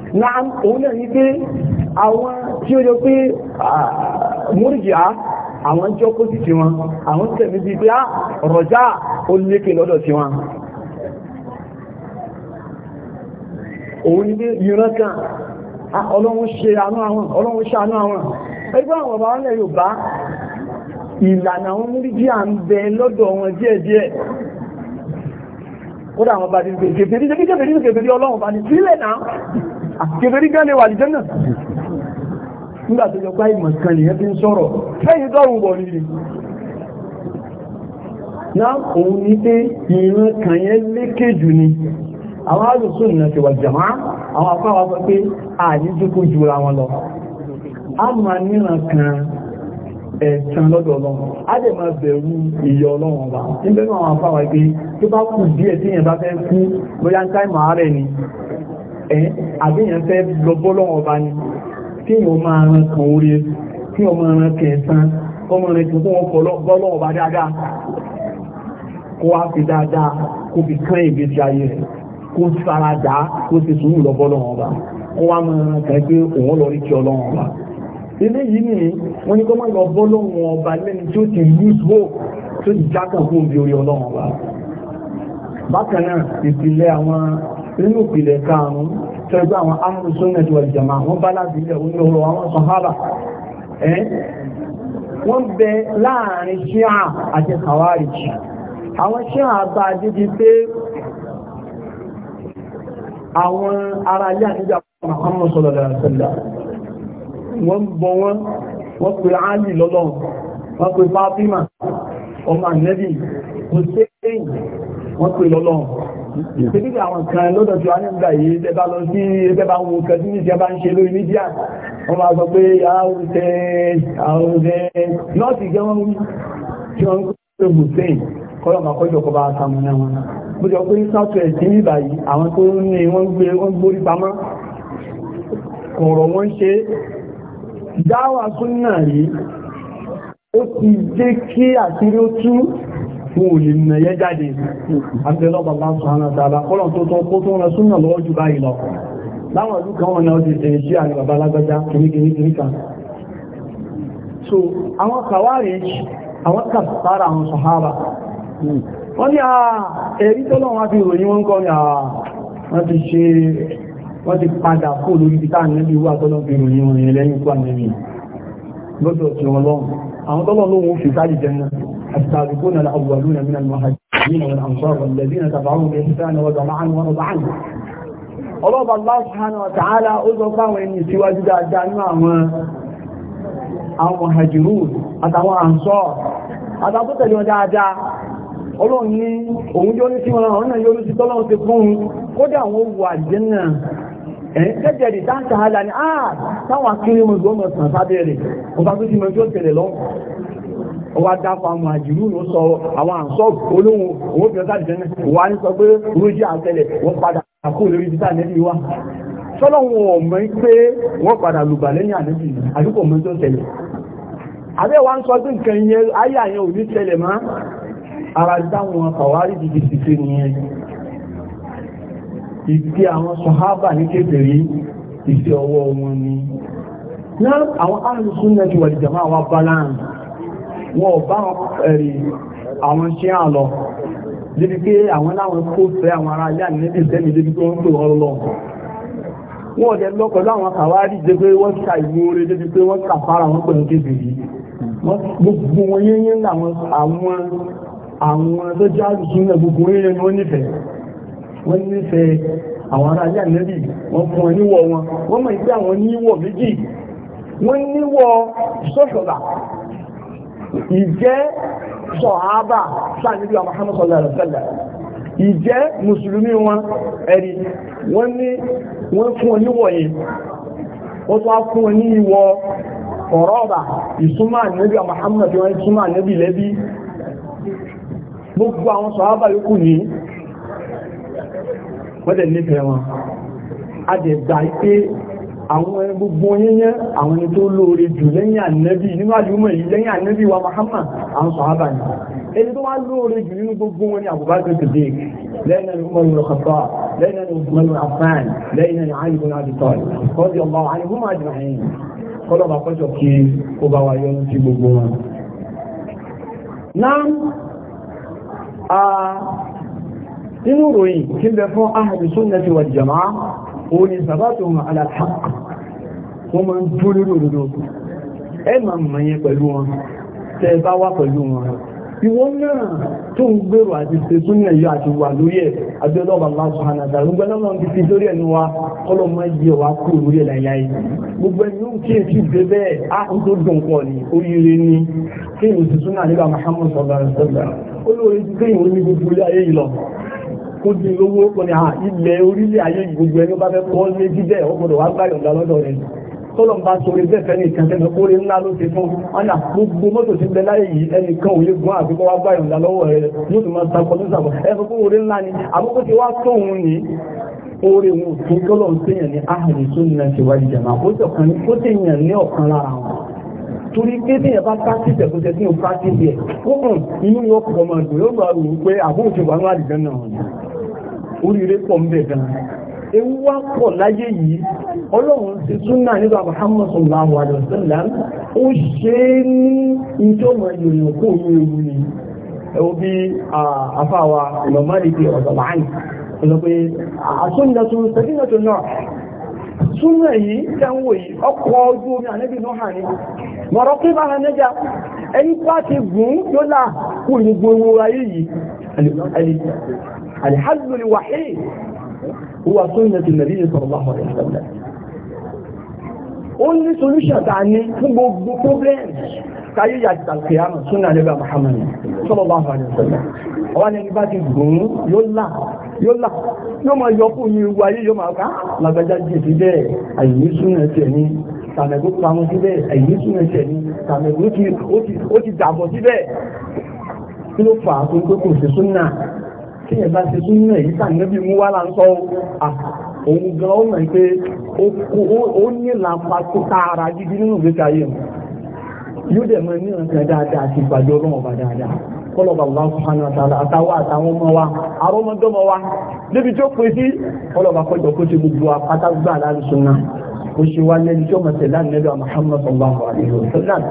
náà òun náà ní pé àwọn tí ó jọ pé múrìjìá àwọn jọ kó sí ti wọn àwọn tẹ̀mí bí pé ah, rọjá ó lékè lọ́dọ̀ ti wọn òun ní pé ìran kan ọlọ́run ṣe àánú àwọn ọlọ́run ṣe àánú àwọn ẹgbẹ́ àwọn ọba wọn lẹ̀ yóò bá ìlànà àwọn múrìjìá ń bẹ lọ́dọ̀ wọn díẹ̀díẹ̀ kódà àwọn bá ti gbèsè kèfèrí kèfèrí ọlọ́run bá ní sílẹ̀ náà àkèbèrí gẹ́lẹ̀ wà lìjẹ́ náà nígbà tó yọpá ìmọ̀ kan lè fi ń sọ̀rọ̀ fẹ́yìn dọ́rùn bọ̀ nílé náà òun ní pé ìran kan yẹn lékè jù ni àwọn àrùsùn ìrìnà ti wà jàmá àwọn afáwà sọ pé àyíjúkú jù ra wọn lọ a máa níran kan ẹ̀sàn lọ́dọ̀ ọlọ́run a lè máa bẹ̀rù ìyọ ọlọ́run ọba nígbẹ̀rún àwọn afáwà pé tó bá kù díẹ̀ tí yẹn bá fẹ́ kú bóyá ń táìmù ààrẹ ni ẹ́ àbíyàn fẹ́ lọ bọ́lọ́wọ́ ọba ni kí wọ́n máa ran kan orí kí wọ́n máa ran kẹsàn ọmọ rẹ̀ tó wọ́n kọ bọ́lọ́wọ́ ọba dáadáa kó wá fi dáadáa kó fi kán ìgbésí ayé rẹ̀ kó fara dá kó ti sùúrù lọ bọ́lọ́wọ́ ọba kó wá máa ran kan pé òun lọ rí kí ọlọ́wọ́ ọba ilé yìí ni wọ́n ní kọ́ máa lọ bọ́lọ́wọ́ ọba lẹ́ni tí ó ti lose hope tó ti jákàn fún orí ọlọ́wọ́ ọba nínú ìpìlẹ̀ karùn-ún tẹ́gbẹ́ àwọn amúnsọ́nà tí wà jama wọ́n bá láti ilẹ̀ oní ọrọ̀ àwọn sọ̀hábà wọ́n bẹ láàrin ṣíà àti kàwàríjì àwọn ṣíà bá dídí pé àwọn ará ilé àtijọ́ Muhammad sallallahu alaihi wasallam wọ́n bọ wọ́n wọ́n pe Títí àwọn kan lọ́dọ̀ tí wá ní ìgbà yìí tẹba lọ sí ẹgbẹ́bà ń wo kan tí ìṣẹ́ bá ń ṣe lórí mídíà. Wọ́n máa sọ pé àwùjẹ àwùjẹ nọ́ọ̀tì jẹ́ wọ́n tí wọ́n ń pè Hussein kọ́lọ̀ máa kọ́jọ kọ́ bá sàmúnà wọn. Mo jọ pé Southwest ní ìgbà yìí àwọn tó ní wọ́n gbé wọ́n gbórí pamọ́. dáwà súnnà yìí ó ti jẹ́ kí àṣírí ó tú fún òlè nà yẹ jáde àbẹ̀lọ́bà bá sọ́nà tààlà kọ́lọ̀ tó tọ́ kó tó rán súnà lọ́wọ́ jù báyìí lọ láwọn ìlú kan kan so àwọn kàwárí àwọn kàfàrà àwọn sàhábà wọ́n ní ah, ẹ̀rí tó lọ́wọ́ fi ròyìn wọn kọ́ ní ah, wọ́n ti ṣe wọ́n ti padà kó lórí ibi táà nílùú wà tọ́lọ́ fi ròyìn wọn lẹ́yìn lọ́dọ̀ tí wọ́n lọ́wọ́ àwọn tọ́lọ́ fi sáàlì jẹ́ náà السابقون الأولون من المهاجرين والأنصار والذين تبعوا بإحسان وجمعا ورضا عنه ọlọ́ba Allah subhanahu wa ta'ala ó sọ fáwọn ẹni síwájú dáadáa ní àwọn àwọn hajjirun àtàwọn àǹsọ́ àtàkó tẹ̀lé wọn dáadáa ọlọ́run ní òun yóò ní sí wọn ọ̀nà yóò ní sí tọ́lọ́run ti fún un kódà àwọn wá dápọ̀ àwọn àjìrú ló sọ àwọn àǹsọ́ olóhùn owó bí ọ̀sá ìjẹ́nà wà ní sọ pé rújí àtẹlẹ̀ wọ́n padà kó lórí títà nẹ́bí wa sọ́lọ́wọ́n ọ̀mọ́ pé wọ́n padà lùgbà lẹ́yìn ànẹ́bí àdúgbò mọ́ tó tẹ̀lẹ̀ àbẹ́ wa ń sọ pé nǹkan yẹn ayé àyẹn ò ní tẹ̀lẹ̀ mọ́ ara dáwọn àkàwárí dìde ṣiṣẹ́ nìyẹn ìdí àwọn sọ̀hábà ní kékeré ìṣẹ́ ọwọ́ wọn ni náà àwọn àrùn súnmọ́ ti wà ìjàmá wa balance wọn bá ẹ̀rì àwọn ṣe hàn lọ débi pé àwọn láwọn kó fẹ́ àwọn ará ilé àníníbi sẹ́mi débi pé wọ́n tó ọlọ́ wọ́n ọ̀dẹ̀ lọ pẹ̀lú àwọn kàwárí pé wọ́n ṣà ìmúore débi pé wọ́n kàfàrà wọn pẹ̀lú kébè gbogbo wọn yẹ́yẹ́ àwọn tó já ìṣúná gbogbo yẹ́yẹ́ ni wọ́n nífẹ̀ẹ́ wọ́n nífẹ̀ẹ́ àwọn ará ilé àníníbi wọ́n fún wọn níwọ̀ wọn wọ́n mọ̀ ìpé àwọn níwọ̀ méjì wọ́n níwọ̀ sọ́ṣọ̀lá ìjẹ́ sọ̀hábà sáàdìbí wa Muhammad sallallahu alaihi wasallam ìjẹ́ wọn ẹ̀rí wọ́n ní wọ́n fún oníwọ̀nyí ó tó á fún oní ìwọ ọ̀rọ̀ọ̀bà ìsúnmà níbi wa wọ́n súnmà níbi lẹ́bí gbogbo àwọn sọ̀hábà yókù ní wọ́n àwọn gbogbo yẹ́yẹ́ àwọn ẹni tó lóore jù lẹ́yìn ànẹ́bí nínú àjúmọ̀ yìí lẹ́yìn ànẹ́bí wa Muhammad àwọn sọ̀hábà ní ẹni tó wá lóore jù nínú gbogbo wọn ni Abubakar Siddiq lẹ́yìn ẹni Umar ibn Khattab lẹ́yìn ẹni Uthman ibn Affan lẹ́yìn ẹni Ali ibn Abi Talib kọ́dí ọba àìhùn àjùmáyìn wọn. náà inú ah, òun ni sàbátò wọn aláàpá wọ́n máa ń dúró lórí òdodo ẹ máa mọ̀ yẹn pẹ̀lú wọn tẹ́ bá wá pẹ̀lú wọn ìwọ a tó ń gbèrò ti fi lórí ẹ̀nu wa kọ́lọ̀ máa yẹ wa kú lórí ẹ̀ láyáyé gbogbo ẹ̀nu kí èsì gbé bẹ́ẹ̀ á ń tó dùn pọ̀ ní oríire ní kí èsì súnmọ̀ nígbà Muhammad sallallahu alaihi wasallam ti kó dín lówó kò ní ah, ilẹ̀ orílẹ̀ ayé gbogbo ẹni bá fẹ́ kọ́ lé jíjẹ́ ọgbọ̀dọ̀ wá gbá yọ̀ǹda lọ́dọ̀ rẹ̀ tọ́lọ̀ bá sọ̀rọ̀ bẹ́ẹ̀fẹ́ ní ìkàntẹ́nà kóre ńlá ló ti fún ọ́nà ah, gbogbo mọ́tò ti bẹ láyé yìí ẹnìkan òye gún àfikọ́ wá gbá yọ̀ǹda lọ́wọ́ rẹ̀ yóò tún máa sakọ ní sàbọ̀ ẹ̀fọ́ kó orí ńlá ni àkókò ti wá tóun ní orí wọn tó tọ́lọ̀ ń tẹ̀yàn ní ahàlì tó ní ṣe wáyé jẹ̀mà ó tọ̀kan ní ó tẹ̀yàn ní ọ̀kan lára wọn torí pé tí yẹn bá practice ẹ̀kọ́ tẹ̀ tí yẹn practice ẹ̀ ó mọ̀ inú yóò pọ̀ mọ̀ yóò bá rò ó pé àbóòtú wà ní àdìgbẹ́ náà oríire pọ̀ ń bẹ̀ gan ewu wá pọ̀ láyé yìí ọlọ́run ti súnà nígbà Muhammad sallallahu alaihi ó ṣe é ní ìjọmọ̀ ìròyìn kó ní ewu ni ẹwọ́ bí àfáwà ìmọ̀mọ́lẹ́gbẹ̀ ọ̀dọ̀láàyìn omi ẹni pàtí gùn yóò láà kú ìgbòho ayé yìí الحد الوحيد هو سنة النبي صلى الله عليه وسلم ó ní solúṣà tà ní fún gbogbo problem káyé yàtà kìyàmù súnà nígbà Muhammad sallallahu alaihi wasallam ọwá ní ẹni bá ti gùn yóò là yóò máa yọ fún yìí wáyé yóò máa ká lágbàjá jì sí bẹ́ẹ̀ àyíní súnà tẹ̀ ní tàmẹ̀gbó pamọ́ sí bẹ́ẹ̀ àyíní súnà tẹ̀ ní tàmẹ̀gbó ó ti dàbọ̀ sí bẹ́ẹ̀ kí ló fà á tó kò sí súnà tí ẹ̀ bá ti tún ní ẹ̀yí sàmẹ́bí mú wá là ń sọ òun gan ó mọ̀ pé ó ní làǹfà tó tààrà gidi nínú ìgbésí ayé mu yóò dẹ̀ mọ ní ọ̀sẹ̀ dáadáa àti ìpàdé ọlọ́wọ̀n bá dáadáa kọlọ̀bà bá sùhánà àtàlà àtàwà àtàwọn ọmọ wa àrọ́mọdọ́mọ wa níbi tí ó pè sí kọlọ̀bà kọjọ kó ti gbogbo apátágbà lálùsùnà ó ṣe wá lẹ́ni tí ó mọ̀ tẹ̀lá nẹ́bí Muhammad sallallahu alaihi wa sallam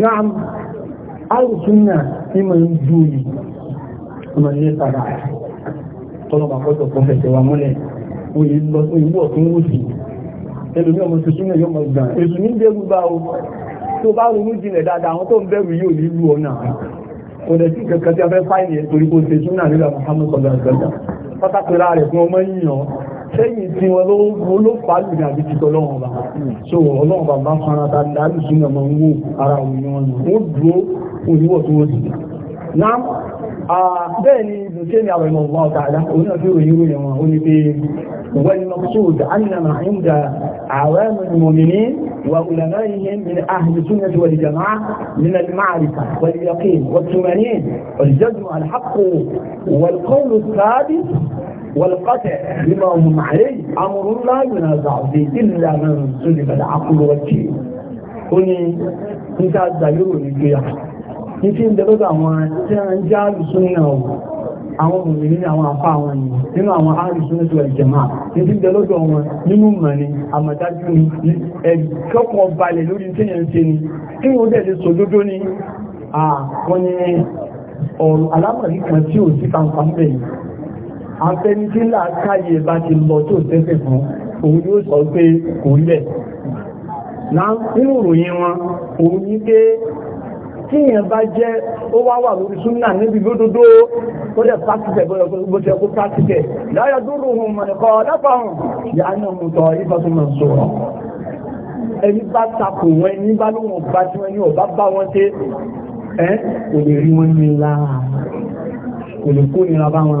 na'am alùsùnà ní ma ń jú ní ọmọ ní sára tọ́lọ́bà pọ́tọ̀ kan fẹ̀sẹ̀ wa mọ́lẹ̀ òyìnbó ọ̀tún wó sí ẹlùmí ọmọ tuntun náà yóò mọ̀ gbà èsù ní bẹ̀rù bá o tó bá ronú jinlẹ̀ dáadáa àwọn tó ń bẹ̀rù yóò ní lú ọ̀nà kò dẹ̀ sí kankan tí a fẹ́ fáìlì ẹ̀ torí kò ṣe súnà nígbà Muhammad sọ̀rọ̀ àgbẹ̀dà pátákìlá rẹ̀ fún ọmọ yìnyàn sẹ́yìn tí wọn ló fà lù ní àbíkítọ́ ọlọ́run ọba so ọlọ́run ọba bá fara ta ní àlùsùn náà máa ń wò ara òun ni wọn wọ́n dúró òníwọ̀ tó wọ́n sì náà bẹ́ẹ̀ ni ìdùnṣẹ́ ni àwọn ìmọ̀ ọ̀tà àdá òun náà fi ròyìn ròyìn wọn والقطع لما هم عليه أمر لا ينازع فيه إلا من سلب العقل والجيل ó ní níta àgbàyòrò ní gbéyà ní tí ń dẹ̀lọ́gbà àwọn tí a ń já àrùsún náà wò àwọn òmìnirí ní àwọn àfá àwọn ènìyàn nínú àwọn àrùsún ní ṣùgbọ́n ìjẹ̀má ní tí ń dẹ̀lọ́gbà wọn nínú mọ̀ni àmọ̀dájú ni ẹ̀kọ́kọ̀ balẹ̀ lórí tí yẹn ṣe ni tí wọ́n dẹ̀ lè sòdodo ni àwọn ọ̀rọ̀ alámọ̀rí kan tí ò sí fanfà afẹ́ntílà káyè bá ti lọ tó tẹ́fẹ́ fún òun yóò sọ pé kò lẹ̀ nínú ìròyìn wọn òun ní pé tí èèyàn bá jẹ́ ó wá wà lórí súnà níbi lódodo ó dẹ̀ pàtìkẹ̀ bó ṣe kó pàtìkẹ̀ láyọ̀ dúró ohun mọ̀nìkọ́ lápáhùn yà á náà mú tọ ìfàtúnmọ̀ sọ̀rọ̀ ẹni bá takò wọn ẹni bá lóhun bá tí wọn ní ọ̀bá bá wọn tẹ́ ẹ́ kò lè rí wọn ní lára kò lè kó nira bá wọn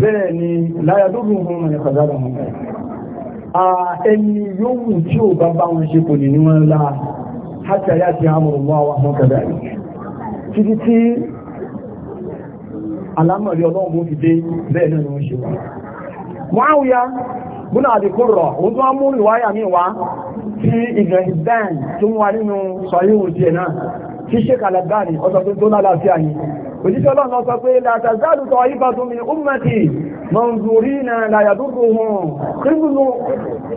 bẹ́ẹ̀ ni láyàdógún fún ọmọ ìkọ̀dára wọn ẹni yóò wù tí ó bá bá wọn ṣe kò ní ní wọn láà hátà yá ti àmọ̀rọ̀ mọ́ àwọn àwọn kẹ̀dà yìí títí tí alámọ̀rí ọlọ́run fi dé bẹ́ẹ̀ náà ni wọ́n ṣe wọ́n Muawiya búnà àdìkúrọ̀ òun tó òjíṣẹ́ ọlọ́run lọ sọ pé látàzádù tọ ìbátúnmi ummati mọ̀nzúrí na láyàdúrú hùn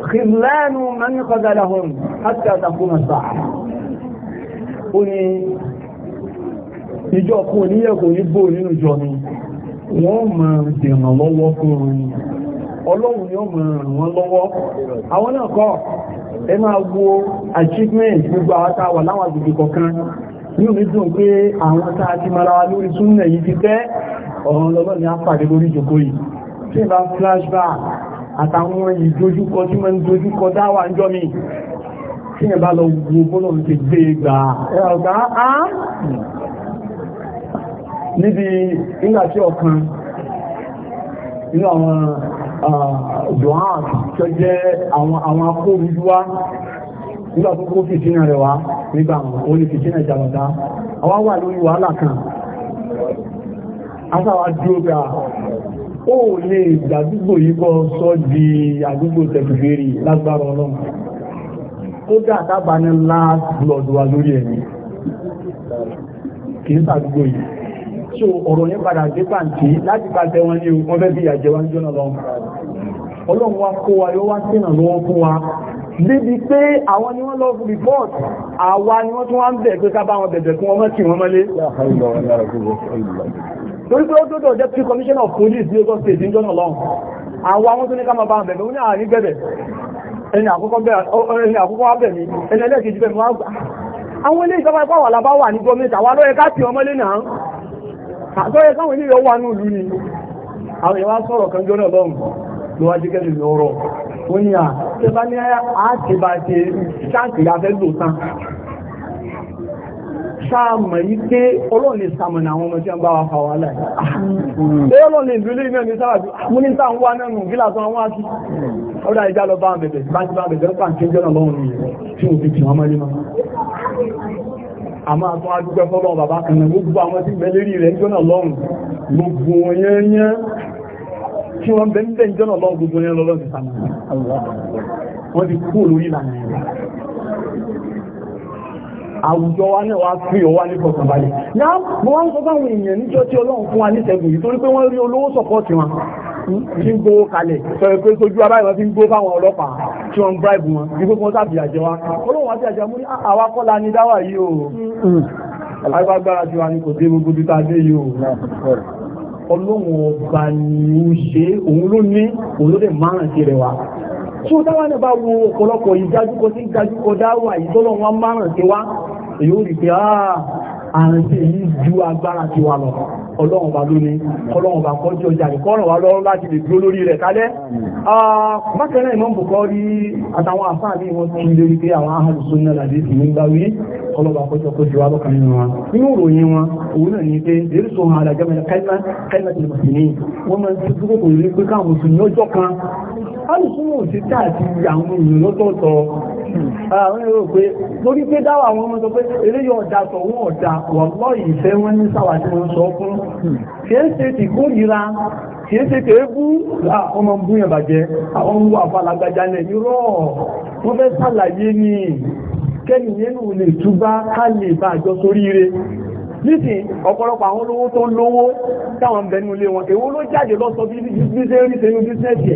kìrìlẹ́nu mẹ́kọ̀dàdà hùn láti àtàkùnmọ̀ sáà ó ní ìjọ kún oníyẹ̀kùn ní bó nínú ìjọ mi wọ́n máa dènà lọ́wọ́ fún ọlọ́run ni ó máa ràn wọ́n lọ́wọ́ àwọn náà kọ́ ẹ máa wo achievement gbogbo àwọn táwà láwọn àgbègbè kọ̀ọ̀kan inú mi dùn pé àwọn táa ti mara wa lórí súnnà yìí ti tẹ́ ọ̀rọ̀ lọ́lọ́ ni a pàdé lórí jòkó yìí tí ìbá flashback àtàwọn ìdojúkọ tí wọ́n ń dojúkọ dáwà ń jọ mi tí ìbá lọ wo bọ́lọ̀ ti gbé ìgbà e nígbà wọn lè fi sínú ìjàmọ̀dá àwa wà lórí wàhálà kan asáwà dúró ó lè gbàdúgbò yíbọ́ sọ́ di àdúgbò tẹ̀kùfèrè lágbára ọlọ́run ó dá àtàbà ní last blood wa lórí ẹ̀mí kìí sàdúgbò yìí so ọ̀rọ̀ ní padà dé pàǹtí láti pàtẹ wọn ní wọ́n fẹ́ bí ìyàjẹ́ wọn lọ ọlọ́run wa kó wa yóò wá sínà lọ́wọ́ fún wa débi pé àwọn ni wọ́n lọ report àwa ni wọ́n tún wá ń bẹ̀ pé ká bá wọn bẹ̀bẹ̀ kún ọmọ tí wọ́n mọ́lé torí pé ó tó tọ̀ jẹ́ pí commissioner of police Lagos state ní jọ́nà lọ́n àwọn àwọn tó ní ká máa bá wọn bẹ̀bẹ̀ ó ní àárín bẹ̀bẹ̀ ẹni àkọ́kọ́ wá bẹ̀ mí ẹni ẹlẹ́kejì bẹ̀ mí wá àwọn ilé ìjọba ipá wà lábá wà ní gọ́ọ̀mẹ́ntì àwọn alóyẹ ká tí ọmọlé náà àtọ́yẹ káwọn ilé ìyọ wà ní ìlú ni àwọn ìwá sọ̀rọ̀ kan jọ́nà lọ́n lọ́wọ́ jíkẹ́ lè lọ́rọ̀ ó ní à tí bá ní àti bá ṣe ṣáàtì ìyàfẹ́ lò tán yí pé ọlọ́run lè sàmànà àwọn ọmọ tí a ń bá wa fa wà láì pé ọlọ́run lè dúlé ìmẹ́ mi sáàbí mú ní sáà ń wá náà nù gílà tó wá sí ọdá ìjá lọ bá ń bẹ̀bẹ̀ bá ti bá bẹ̀bẹ̀ ń pàǹkì jọ́nà lọ́run yìí tí mo fi tì wọ́n mọ́lé máa àmá tó adúgbẹ́ tí wọ́n bẹ̀ ń bẹ̀ ń jọ́nà lọ́wọ́ gbogbo yẹn lọ́lọ́ ti sàmà wọ́n ti kú olórí ìlànà yẹn àwùjọ wa náà wá fi ọwá ní kọ̀ọ̀kan balẹ̀ náà mo wá ń sọ fáwọn èèyàn níjọ́ tí ọlọ́run fún wa ní ṣẹ́gun yìí torí pé wọ́n rí olówó sọ̀pọ̀tì wọn tí ń gbówó kalẹ̀ sọ̀rọ̀ pé sojú abáyọ̀ fi ń gbó fáwọn ọlọ́pàá tí wọ́n ń bribe wọn igbó kan sábì àjẹ wa ọlọ́run wá sí àjẹ mú ní ah, àwa kọ́la ní dáwà yìí o mm. agbágbára tiwa ni kò dé gbogbo ọlọ́run ọba ni ó ṣe òun ló ní òun ló lè márùn sí rẹ̀ wá tí ó dáwà náà bá wo ọ̀pọ̀lọpọ̀ ìdájúkọ sí ìdájúkọ dáwà ìtọ́lọ́run márùn sí wa èyí ó rí pé áà ah, àrùntí yìí ju agbára ti wà lọ ọlọ́run bá lóní kọlọ́run bá kọjú ọjà ìkọrùn wà lọ́rọ́ láti lè dúró lórí rẹ̀ kálẹ̀ ah, bákẹ́rẹ́ Imam Bukhari àtàwọn àfáàní wọn ti ń lórí pé àwọn ahàlù sunna làdé sì ń bá wí kọlọ́ba kọjú ọkọjú wa lọ́kàn nínú wa nínú ìròyìn wọn òun náà ní pé èyí sọ hàn àdàjọ́ mẹ́ta kẹ́mẹ́ kẹ́mẹ́ ti mọ̀sí ní wọ́n máa ń ti dúró kò rí pé káwọn sùn ọjọ́ kan àwọn èrò pé lórí pé dáwà àwọn ọmọ sọ pé eléyọ ọ̀dà tọ̀ wọ́n ọ̀dà wọ̀ lọ́yìn ìfẹ́ wọn ní sáwà tí wọ́n sọ fún kìí ṣe ti kórìíra kìí ṣe tèé bú ọmọ búyàn bàjẹ́ àwọn ohun àfàlàgbàjá náà irọ́ wọ́n fẹ́ sàlàyé ni kẹ́ni nínú lè túbá ká lè bá àjọ sóríire nísìn ọ̀pọ̀lọpọ̀ àwọn olówó tó lówó táwọn bẹnu lé wọn èwo ló jáde lọ́sọ bí ṣe rí sẹ́yìn bísẹ́ẹ̀sì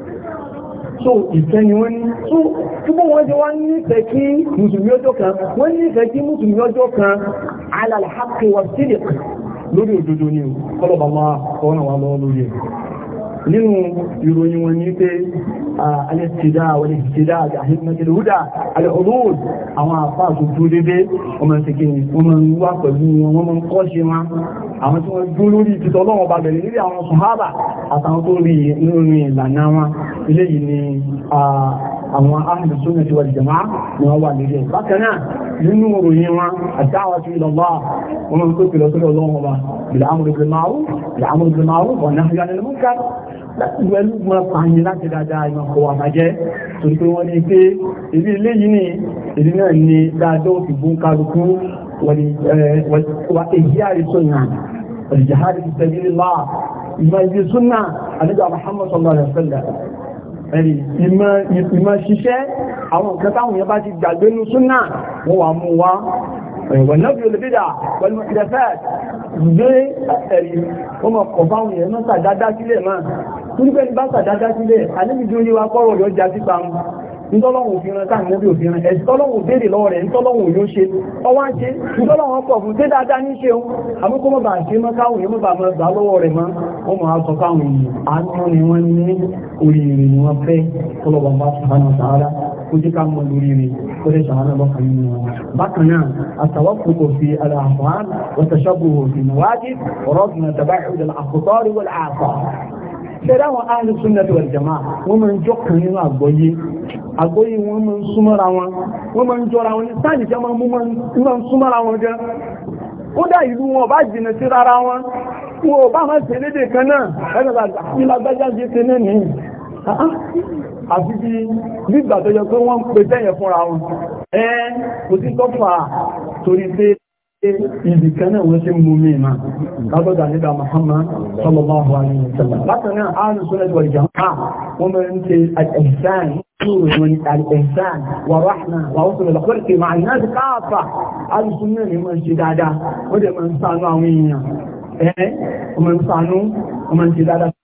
so ìfẹ́ ni wọ́n ní tó túbọ̀ wọ́n ti wá nífẹ̀ẹ́ kí mùsùlùmí ọjọ́ kan wọ́n nífẹ̀ẹ́ kí mùsùlùmí ọjọ́ kan alàlhàkì wà sílẹ̀ lórí òdodo ni ọlọ́bàá máa kọ́ nínú ìròyìn wọn ní pé alẹ́sìdá àwọn ìsìdá àjàhìmẹ́tìlúdà alẹ́ọ̀lọ́wọ̀d àwọn àfáàtò tó dédé ọmọ ìsìnkiri wọ́n mọ̀ ń wá pẹ̀lú wọn wọ́n mọ̀ ń kọ́ ṣe wọn àwọn tí tó rí nínú ìlànà wọn ilé wọ́n wà lórí ẹ̀ nínú ìròyìn wọn ad-da'watu ila Allah wọn mọ̀ ń pè pè lọ bá bil-amri bil-ma'ruf bil-amri bil-ma'ruf láti pẹ̀lú mọ́ pààyàn láti dáadáa ìmọ̀kọ̀ àbájẹ́ torí pé wọ́n ní pé ìlú ilé yìí ni ìlú náà ni dáadọ́ ti gún kálukú wà èyí àrísọ́nà ìjìhárì ti tẹ̀lé lá ìmọ̀ ìdí súnà àdígbà Muhammad sallallahu alaihi wasallam ẹ̀rì ìmọ̀ ṣiṣẹ́ àwọn nǹkan táwọn yẹn bá ti gbàgbé nú súnà wọ́n wà mú wá ẹ̀wọ̀n náà bí olùbídà pẹ̀lú ìdẹ́fẹ́ gbé ẹ̀rì wọ́n mọ̀ kọ̀ fáwọn yẹn mọ́ta dáadáa sílẹ̀ máa nígbẹ́ ní bá sàdájá sílẹ̀ àníbìdí ó yíwa pọ́rọ̀ yọ já sípa mú nítọ́lọ́wọ̀n òfinran táà mọ́bí òfinran ẹ̀sìtọ́lọ́wọ̀n béèrè lọ́wọ́ rẹ̀ nítọ́lọ́wọ̀n yóò ṣe ọwá ṣe nítọ́lọ́wọ̀n pọ̀ fún tí dáadáa ní ṣeun àmúkọ́ mọ́ ṣe mọ́ káwọn èèyàn bá mọ́ lọ́wọ́ rẹ̀ mọ́ wọ́n mọ́ sọ káwọn èèyàn àánú ni wọ́n ní oríire ni wọ́n fẹ́ ṣẹ́rẹ́ àwọn ahlu sunnati wal jamaa wọ́n máa ń jọ kan nínú àgbọ́yé àgbọ́yé wọn máa ń súnmọ́ra wọn wọ́n máa ń jọra wọn ní sáàlì jẹ́ máa ń súnmọ́ra wọn jẹ́ kódà ìlú wọn bá jìnà sí rárá wọn wọn ò bá máa ṣe lédè kan náà ẹgbẹ̀rẹ̀ ìlàgbájá ah, jẹ́ ṣe náà nìyí ah, ah. àti bí ibi kan náà wọ́n sí mú mi máa lábọ́dà nígbà Muhammad sallallahu alaihi wasallam látọ̀ náà ààrùn sunnah wal jamaa'ah wọ́n mẹ́rin ti al-ihsan من الإنسان ورحمة ووصل الخلق مع الناس كافة هذا سنة من الجدادة وده من صانوا ومن صانوا ومن جدادة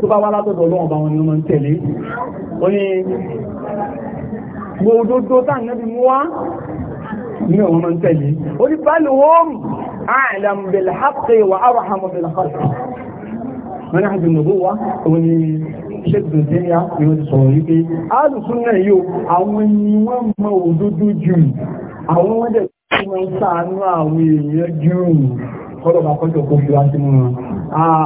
tó bá wá látọ̀dọ̀ ọlọ́run bá wọn ni wọ́n tẹ̀lé ó ní gbòòdòdó tánàbí mú wá ní ọmọ mọ́ tẹ̀lé ó ní pẹ̀lú wọ́n a'lam bil haqqi wa arham bil àwọn ni wọ́n kọ́lọ̀ bá kọ́jọ kó fi wá sínú wọn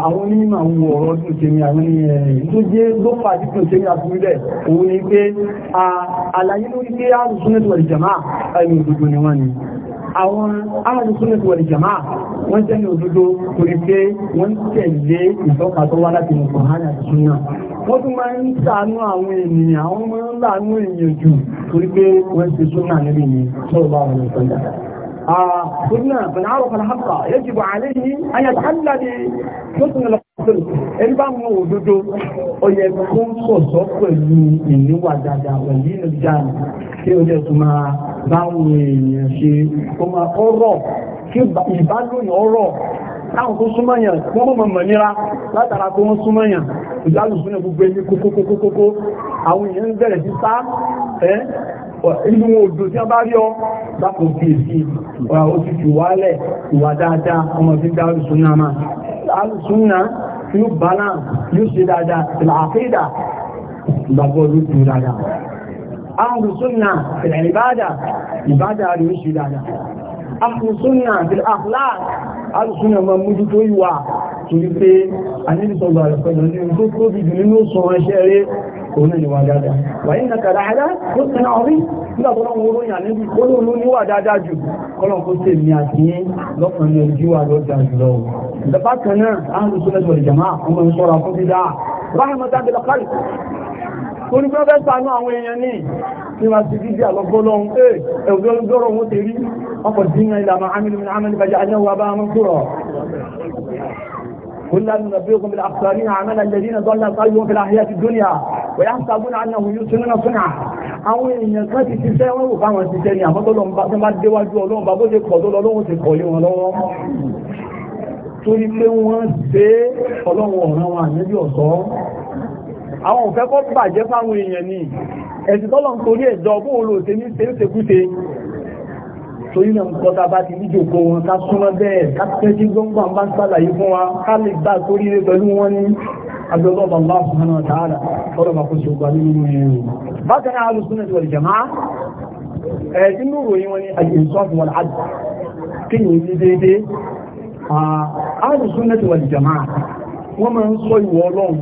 àwọn onímọ̀ àwọn ọ̀rọ̀ dùn tèmi àwọn ní ẹ̀yìn eh, tó jẹ́ ló fà sí dùn tèmi àfúnilẹ̀ òun ni pé àlàyé lórí pé àrùsúnẹ̀tì wọ̀lì jàmáà ẹ̀yìn òdodo ni wọ́n ni àwọn àrùsúnẹ̀tì wọ̀lì jàmáà wọ́n jẹ́ ní òdodo torí pé wọ́n tẹ̀lé ìtọ́ka tó wá láti mọ̀ fún hàn àti súnà wọ́n tún máa ń ṣàánú àwọn ènìyàn àwọn ọmọ ńlá àwọn èèyàn jù torí pé wọ́n ti súnà níbi yìí sọ́rọ̀ bá wọn قلنا من عرف الحق يجب عليه أن يتحلى بحسن الحصل البام ودودو ويكون صوصو pẹ̀lú ìníwà dáadáa pẹ̀lú ìnìjàn tí ó jẹ́ tó máa báwọn èèyàn ṣe kó máa ọ̀rọ̀ kí ìbálòyìn ọ̀rọ̀ táwọn tó súnmọ́yàn wọ́n mọ̀ mọ̀ níra látara tó wọ́n súnmọ́yàn ìjálùsúnlẹ̀ gbogbo ẹni kókókókókó àwọn èèyàn ń bẹ̀rẹ̀ sí sá inú odò tí a bá rí ọ dákò fi èsì ọ̀rà ó ti fi wálẹ̀ ìwà dáadáa ọmọ tí dá alùsúnà máa alùsúnà yóò bánà yóò ṣe dáadáa ìlàáfíìdà ìgbàgbọ́ ló ti dáadáa alùsúnà ìlànà ìbáadà ìbáadà rí ó ṣe dáadáa akùnsúnnà àti àfláà alùsúnnà ma mújú tó ìwà torí pé a ní ìsọ̀gbà ìpẹ̀lú ní tó tóbi jù nínú sọ ẹṣẹ́ rẹ̀ òun ni wà dáadáa wà ní nàkàrà àdá tó tẹ́nà orí nígbà tó lọ́wọ́ oróyìn àníbi olóòlú ní wà dáadáa jù kọ́lọ̀n kó tè mí àti yín lọ́kànlẹ̀ ojú wà lọ́jà jùlọ ìdàbákan náà torí pé ọbẹ̀ sànú àwọn èèyàn ní ìwà sí dídí àlọ́gbọ́lọ́hun ẹ̀ẹ̀gbẹ́ olóòrùn ó ti rí ọkọ̀ dínà ìlànà amìlìmìnà amìlìbàjá aláwọ̀ bá mọ́ kúrọ̀ كنا ننبئكم بالاخسرين في الحياه الدنيا ويحسبون انهم يحسنون صنعا àwọn èèyàn kan ti ṣiṣẹ́ wọ́n rò fáwọn ṣiṣẹ́ ni àmọ́ tọ́lọ́run bá tó máa déwájú ọlọ́run bá bó ṣe pọ̀ tó lọ́lọ́run ti pọ̀ lé wọn lọ́wọ́ torí pé wọ́n ṣe ọlọ́run ọ̀ràn wọn àyẹ́bí ọ̀sọ́ àwọn òfẹ́ kọ́ bàjẹ́ fáwọn èèyàn ni ẹ̀sìn tọ́lọ̀ ń torí ẹ̀jọ́ bó olò tẹ́ ní ṣeéṣekúṣe torí náà kọta bá ti níjòkó wọn ká súnmọ́ bẹ́ẹ̀ ká tẹ́jú gbọ́ngbà bá sàlàyé fún wa ká lè gbà torí rẹ pẹ̀lú wọn ní agbẹ́lọ́bà bá fún wa ta'ala ọ̀rọ̀ bá kó ṣe gbà nínú ẹ̀rù bákan náà al-sunnah wal jama'ah ẹ̀ẹ́dín ní ìròyìn wọn ní al-insaf wal wọ́n máa ń sọ ìwọ ọlọ́run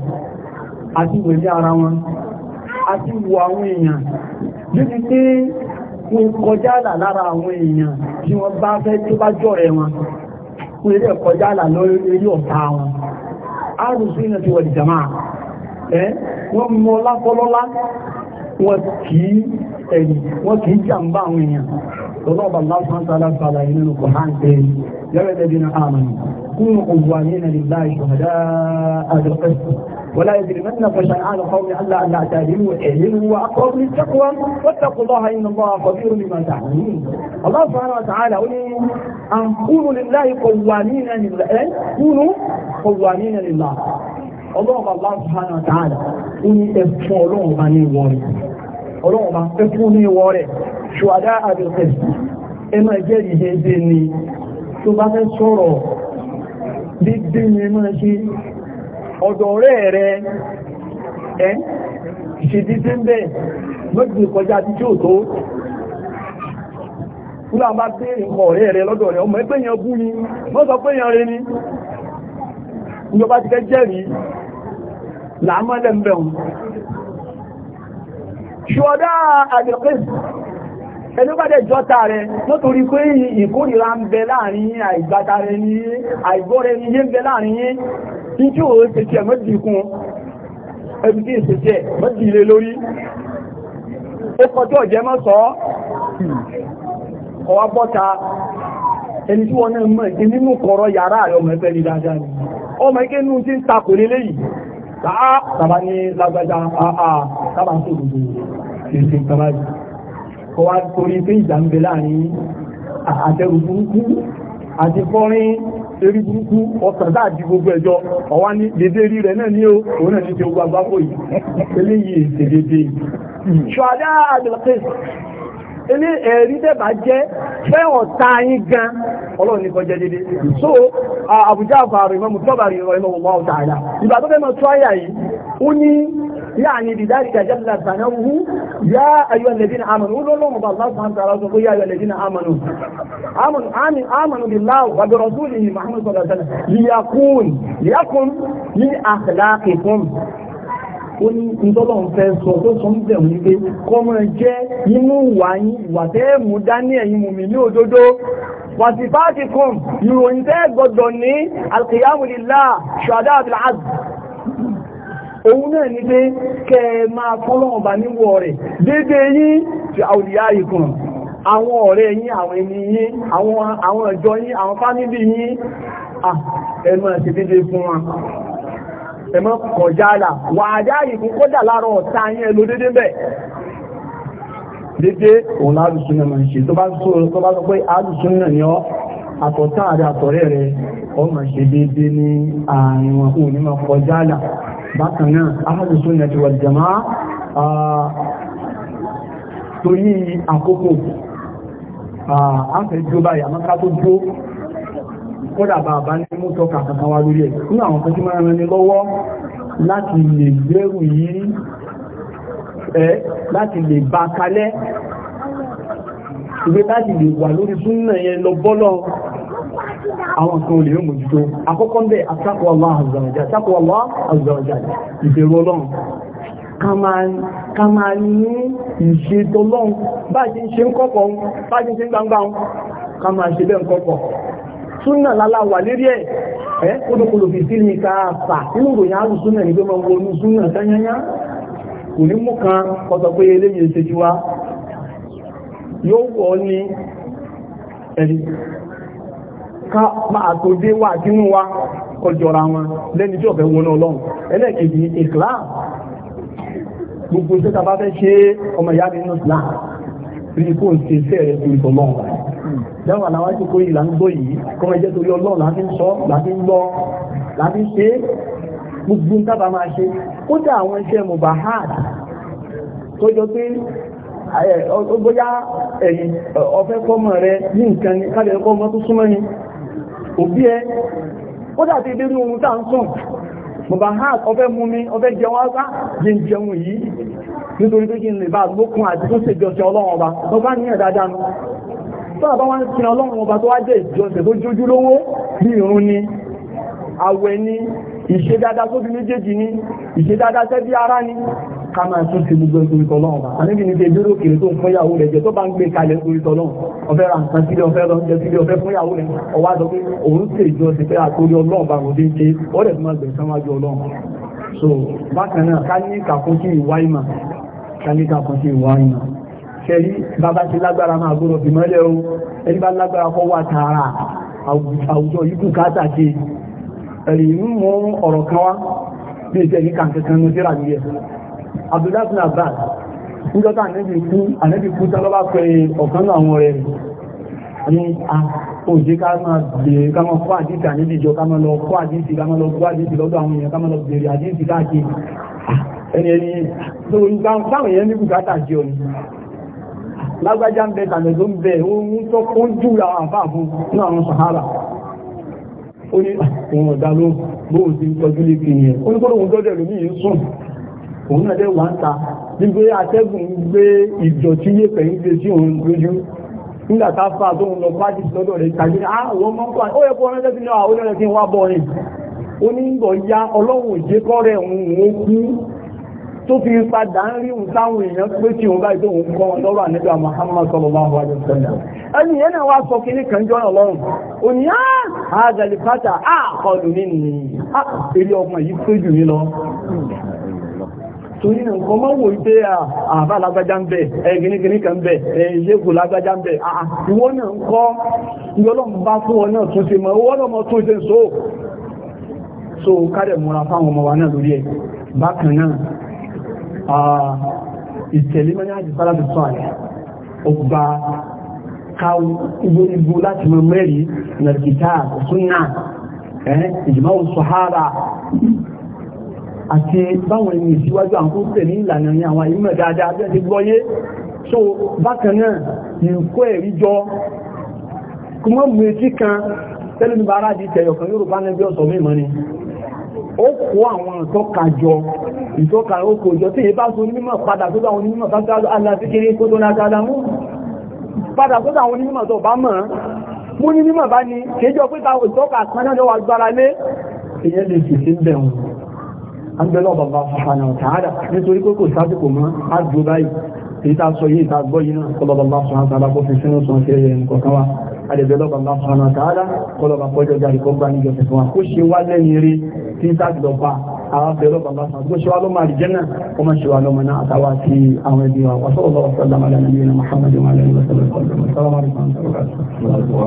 àti ìwèlé ara wọn àti ìwò àwọn èèyàn níbi pé wọ́n kọjá àlà lára àwọn èèyàn tí wọ́n bá fẹ́ tó bá jọ̀rẹ̀ wọn wọ́n eré kọjá àlà lórí ọ̀tá wọn arùsù iná ti wọ̀lì jama ẹ́ wọ́n mọ́ lápọ́lọ́lá wọ́n kìí jàmbá àwọn ọlọ́ọ̀bà lásán tààlà sàlà nínú kòhán pé yẹ́rẹ̀ lẹ́bí na àmàlù kún òwúwa ní ẹni láì ولا يجرمنكم شنآن قوم ألا ألا تعدلوا اعدلوا وأقربوا للتقوى واتقوا الله إن الله خبير بما تعملون الله سبحانه وتعالى يقول أن كونوا لله قوامين لله كونوا قوامين لله الله الله سبحانه وتعالى يقول إفصالوا عن الوالد ọlọ́run bá pẹ́ fún ní ìwọ rẹ̀ ṣùwádá àbẹ̀fẹ̀ ẹ máa jẹ́ ìdíje ni tó bá fẹ́ sọ̀rọ̀ dídí ni máa ṣe ọ̀dọ̀ ọ̀rẹ́ rẹ̀ ẹ́ ṣe dídí ń bẹ̀ lọ́gbìn kọjá ti tí ò tó fúlà bá dé nǹkan ọ̀rẹ́ rẹ̀ lọ́dọ̀ rẹ̀ ọmọ ẹgbẹ́ yẹn bú ni wọ́n sọ pé yẹn rẹ̀ ni ìjọba ti kẹ́ jẹ́rìí làámọ́lẹ̀ ń bẹ̀rùn ṣọ́dá àjọ̀kẹ́sì ẹni bá dẹ̀ jọta rẹ̀ nítorí pé ìkórìíra ń bẹ láàrin àìgbàta rẹ̀ ní àìgbọ́rẹ̀ ní yé ń bẹ láàrin yé tí tí ó ṣe ṣe mọ́dì kún ẹbí tí ṣe ṣe mọ́dì ilé lórí ó kọjọ́ jẹ mọ́ sọ ọwá bọ́ta ẹni tí wọ́n náà mọ̀ ìdí nínú kọ̀rọ̀ yàrá rẹ̀ ọmọ ẹgbẹ́ ni dáadáa ni ọmọ ẹgbẹ́ nínú tí ń takò lélẹ́yìí àá ah, tàbá ní lágbájá àá ah, ah, tàbá ń sòrò èsì tàbá jù kọ́ wá torí pé ìjà ń bẹ láàrin àtẹrù burúkú àti fọ́rin erí burúkú ọkàn dáàdì gbogbo ẹjọ́ ọwá ní dédé rí rẹ̀ náà ní o òun náà ní ti ogun agbákò yìí eléyìí èsì ṣọ́adá àdìlọ́kẹ́sì ilé ẹ̀rí tẹ́bà jẹ́ fẹ́ ọ̀tá yín gan ọlọ́run ní kọjá dédé so àbújá àfààrọ̀ ìmọ̀mù tọ́bà rí ọ̀rọ̀ ìmọ̀mù máa ọ̀tá àyà ìgbà tó fẹ́ mọ̀ tó àyà yìí ó ní yáàni bìdáàrí kàjá bí lásán wú yá ayọ̀ lẹ́dínà àmànù ó lọ́nà ọmọ bàbá sàn tààrà sọ pé yá ayọ̀ lẹ́dínà àmànù àmànù bí láwù wàbí rọ̀súlì Muhammad sọ̀rọ̀ sẹ́lẹ̀ lìyàkùn lìyàkùn ní àkàlákì fún ó ní ìtọ́lọ̀ ń fẹ́ sọ tó sọ ń bẹ̀ wọ́n pé kọ́mọ jẹ́ inú wà yín wà tẹ́ mú dání ẹ̀yin mùmí ní òdodo wà sí fáàkì kan ìròyìn tẹ́ gbọdọ̀ ní alkiyamulilá ṣọ́dá abdulhaz òun náà ní pé kẹ máa fọ́lọ́wọ̀n bá níwọ̀ rẹ̀ dédé yín ti àwòdìyá ìkùn àwọn ọ̀rẹ́ yín àwọn ẹni yín àwọn ìjọ yín àwọn fámílì yín ẹnu àti dédé fún wọn ẹ̀mọ́ kọjáàlà wà dáàrí fún kódà láàrọ̀ ọ̀tá yẹn ló dédé bẹ̀ dédé òun láàrùsúnnà máa ń ṣe tó bá sọ pé àrùsúnnà ni ọ́ àtọ̀tá àrẹ àtọ̀rẹ́ rẹ ọ máa ṣe dédé ní àárín wọn kò ní máa kọjáàlà bákan náà àrùsúnnà ti wà kódà bàbá ní mú tọ́ka kankan wá lórí ẹ̀ nínú àwọn kan tí máa ràn ní lọ́wọ́ láti lè gbẹ́rù yìí ẹ́ láti lè bá kalẹ́ ìgbé láti lè wà lórí súnnà yẹn lọ bọ́lọ́ àwọn kan olè mójútó àkọ́kọ́ bẹ́ àtakọ̀ Allah azza wa jalla àtakọ̀ Allah azza wa jalla ìbẹ̀rù ọlọ́run ká máa ní ìṣètò lọ́n bá ṣe súnà lálá wà lérí ẹ̀ ẹ́ kódókòlò fi sí ní káàpà nínú ìròyìn àrùn súnà ní pé máa wo inú súnà tányányá kò ní mú kan kọsọ pé eléyìí ṣe ti wá yóò wọ́ ní ẹ̀rí ká máa tó dé wà sínú wa kọjọra wọn lẹ́ni tí ọ̀fẹ́ wọnà ọlọ́run ẹlẹ́kejì ìkìlá gbogbo iṣẹ́ tá a bá fẹ́ ṣe ọmọ ìyá mi náà rí kó ṣe iṣẹ́ rẹ̀ torí tọ́ lọ́wọ́ dáwà làwọn ti kó ìlà ń gbọ́ yìí kọ́mọ jẹ́ torí ọlọ́run láti ń sọ láti ń gbọ́ láti ń ṣe gbogbo ń tábà máa ṣe kódà àwọn iṣẹ́ mubahad tó jọ pé bóyá ẹ̀yìn ọ̀fẹ́ kọ́mọ rẹ ní nǹkan ní kábẹ̀rẹ̀ kọ́mọ tó súnmọ́ ni òbí ẹ kódà ti dé ní ohun tá à ń sùn bàbá ha ọfẹ́ mú mi ọfẹ́ jẹun ọgá jẹ jẹun yìí nítorí pé kí n lè bá lókun àti tó ṣe jọṣẹ ọlọ́run ọba tó bá níyàn dáadáa nù tó àbá wọn ti ọlọ́run ọba tó wá jẹ́ ìjọṣẹ tó jójú lówó bí irun ni àwẹ̀ ni ìṣe dáadáa sóbi méjèèjì ni ìṣe dáadáa sẹ́bí ara ká máa tún ti gbogbo ìtorí tọ́lọ́run bá àníbi ní ṣe dúró kiri tó ń fún ìyàwó rẹ̀ jẹ́ tó bá ń gbé kalẹ̀ ìtorí tọ́lọ́run ọ̀fẹ́ ra nǹkan sílé ọ̀fẹ́ lọ jẹ sílé ọ̀fẹ́ fún ìyàwó rẹ̀ ọwá sọ pé òun ṣe ìjọ sí pé àtòrí ọlọ́run bá kò dé ṣe ó dẹ̀ tó máa gbẹ̀sán wájú ọlọ́run so bákan náà ká ní ìkàkún sí ìwá ìmọ̀ ká ní ìkàkún sí ìwá ìmọ̀ ṣẹ̀rí bàbá ti lágbára máa gbọ́dọ̀ fi mọ́lẹ̀ o ẹni bá lágbára kọ́ wà tààrà àwùjọ yìí kù káàtà ṣe ẹ̀rí mú ọ̀rọ̀ kan wá bí ìṣẹ̀lí kàǹkankan ní ó ṣe Abdullahi Abbas níjọ́ta ànẹ́bì kú ànẹ́bì kú tán lọ́bá pẹ ọ̀kan náà àwọn rẹ̀ ní àkóòjé ká máa bèèrè ká máa kọ́ àdíṣì ànẹ́bì jọ ká máa lọ kọ́ àdíṣì ká máa lọ kọ́ àdíṣì lọ́dọ̀ àwọn èèyàn ká máa lọ bèèrè àdíṣì káàkiri ẹni ẹni tó ń bá báwọn èèyàn ní bùkátà jẹ ọ ni lágbájá ń bẹ tàbí tó ń bẹ ohun tó kó ń jù àwọn àfáà fún ní àwọn sàhárà ó ní àwọn ọ̀dà ló bóòsí tọ́jú lé kìí yẹn ó ní kó òun náà dẹ̀ wà ń ta nígbé atẹ́gùn gbé ìdọ̀tí yẹ̀pẹ̀ ń gbé sí òun lójú nígbà tá fà tó ń lọ pàdé lọ́dọ̀ rẹ̀ tàbí àwọn ah, ọmọ pa ó yẹ kó ránṣẹ́ sí náà àwọn ah, ẹ̀rẹ́ sí wá bọ̀ rìn ó ní ìgbọ̀ ya ọlọ́run òjékọ́ rẹ̀ òun ó kú tó fi padà ń rí òun táwọn èèyàn pé tí òun báyìí tó òun kọ́ lọ́rọ̀ àníbà Muhammad sallallahu alaihi ẹni yẹn wá sọ kíní kan jọ náà lọ́rùn ní àádàlì àkọlù nínú èlé torí nǹkan mọ́ wò pé àbá lágbájá ń bẹ̀ ẹgbìnigini kan bẹ̀ ẹ̀yẹ́kù lágbájá ń bẹ̀ ìwọ náà ń kọ́ ìyọ́lọ́mù bá fún wọn náà tún ti mọ̀ owó lọ́mọ tún ti so so kárẹ̀ múra fáwọn ọmọ wa náà lórí ẹ̀ bákan náà ìtẹ̀lé mọ́ ní àjẹ́ sálábì sọ àlẹ́ ọgbà káwọn igbó láti mọ mẹ́rin nàìjíríà súnà ìjìmáwò sọ̀hárà àti báwọn ẹni ìsíwájú àkó tẹ̀lé ìlànà ní àwọn ìmọ̀ dáadáa bí ẹni gbọ́yé so bákan náà ìkó ẹ̀rí jọ kí wọ́n mú etí kan tẹ́lẹ̀ ní bàárà di tẹ̀yọ̀ kan Yorùbá nẹ́bí ọ̀sọ̀ mímọ́ ni ó kó àwọn ìtọ́ka jọ ìtọ́ka ó jọ tí ìbá so onímọ̀ padà tó bá onímọ̀ bá gbá aláfikiri kó tó lágbádá mú padà tó bá onímọ̀ tó bá mọ̀ mú ní mímọ̀ bá ní kéjọ pé ta ìtọ́ka kan náà lọ́wọ́ agbára àgbẹ̀lọ́ bàbá fàfàna ọ̀tàádà nítorí kókò sásìkò mọ́ àjò báyìí èyí tàà sọ yìí tàà gbọ́ yìí náà kọlọ̀bàbá fún àtàlà kó fi sínú sọ sí ẹ̀yẹ nǹkan wa bàbá fàfàna ṣe wá lẹ́yìn rí tí ó má ṣe wá lọ́mọ náà àtàwà àti àwọn ẹbí wa wàsọ́lọ́wọ́ sọ́lọ́mọ alẹ́ nàbí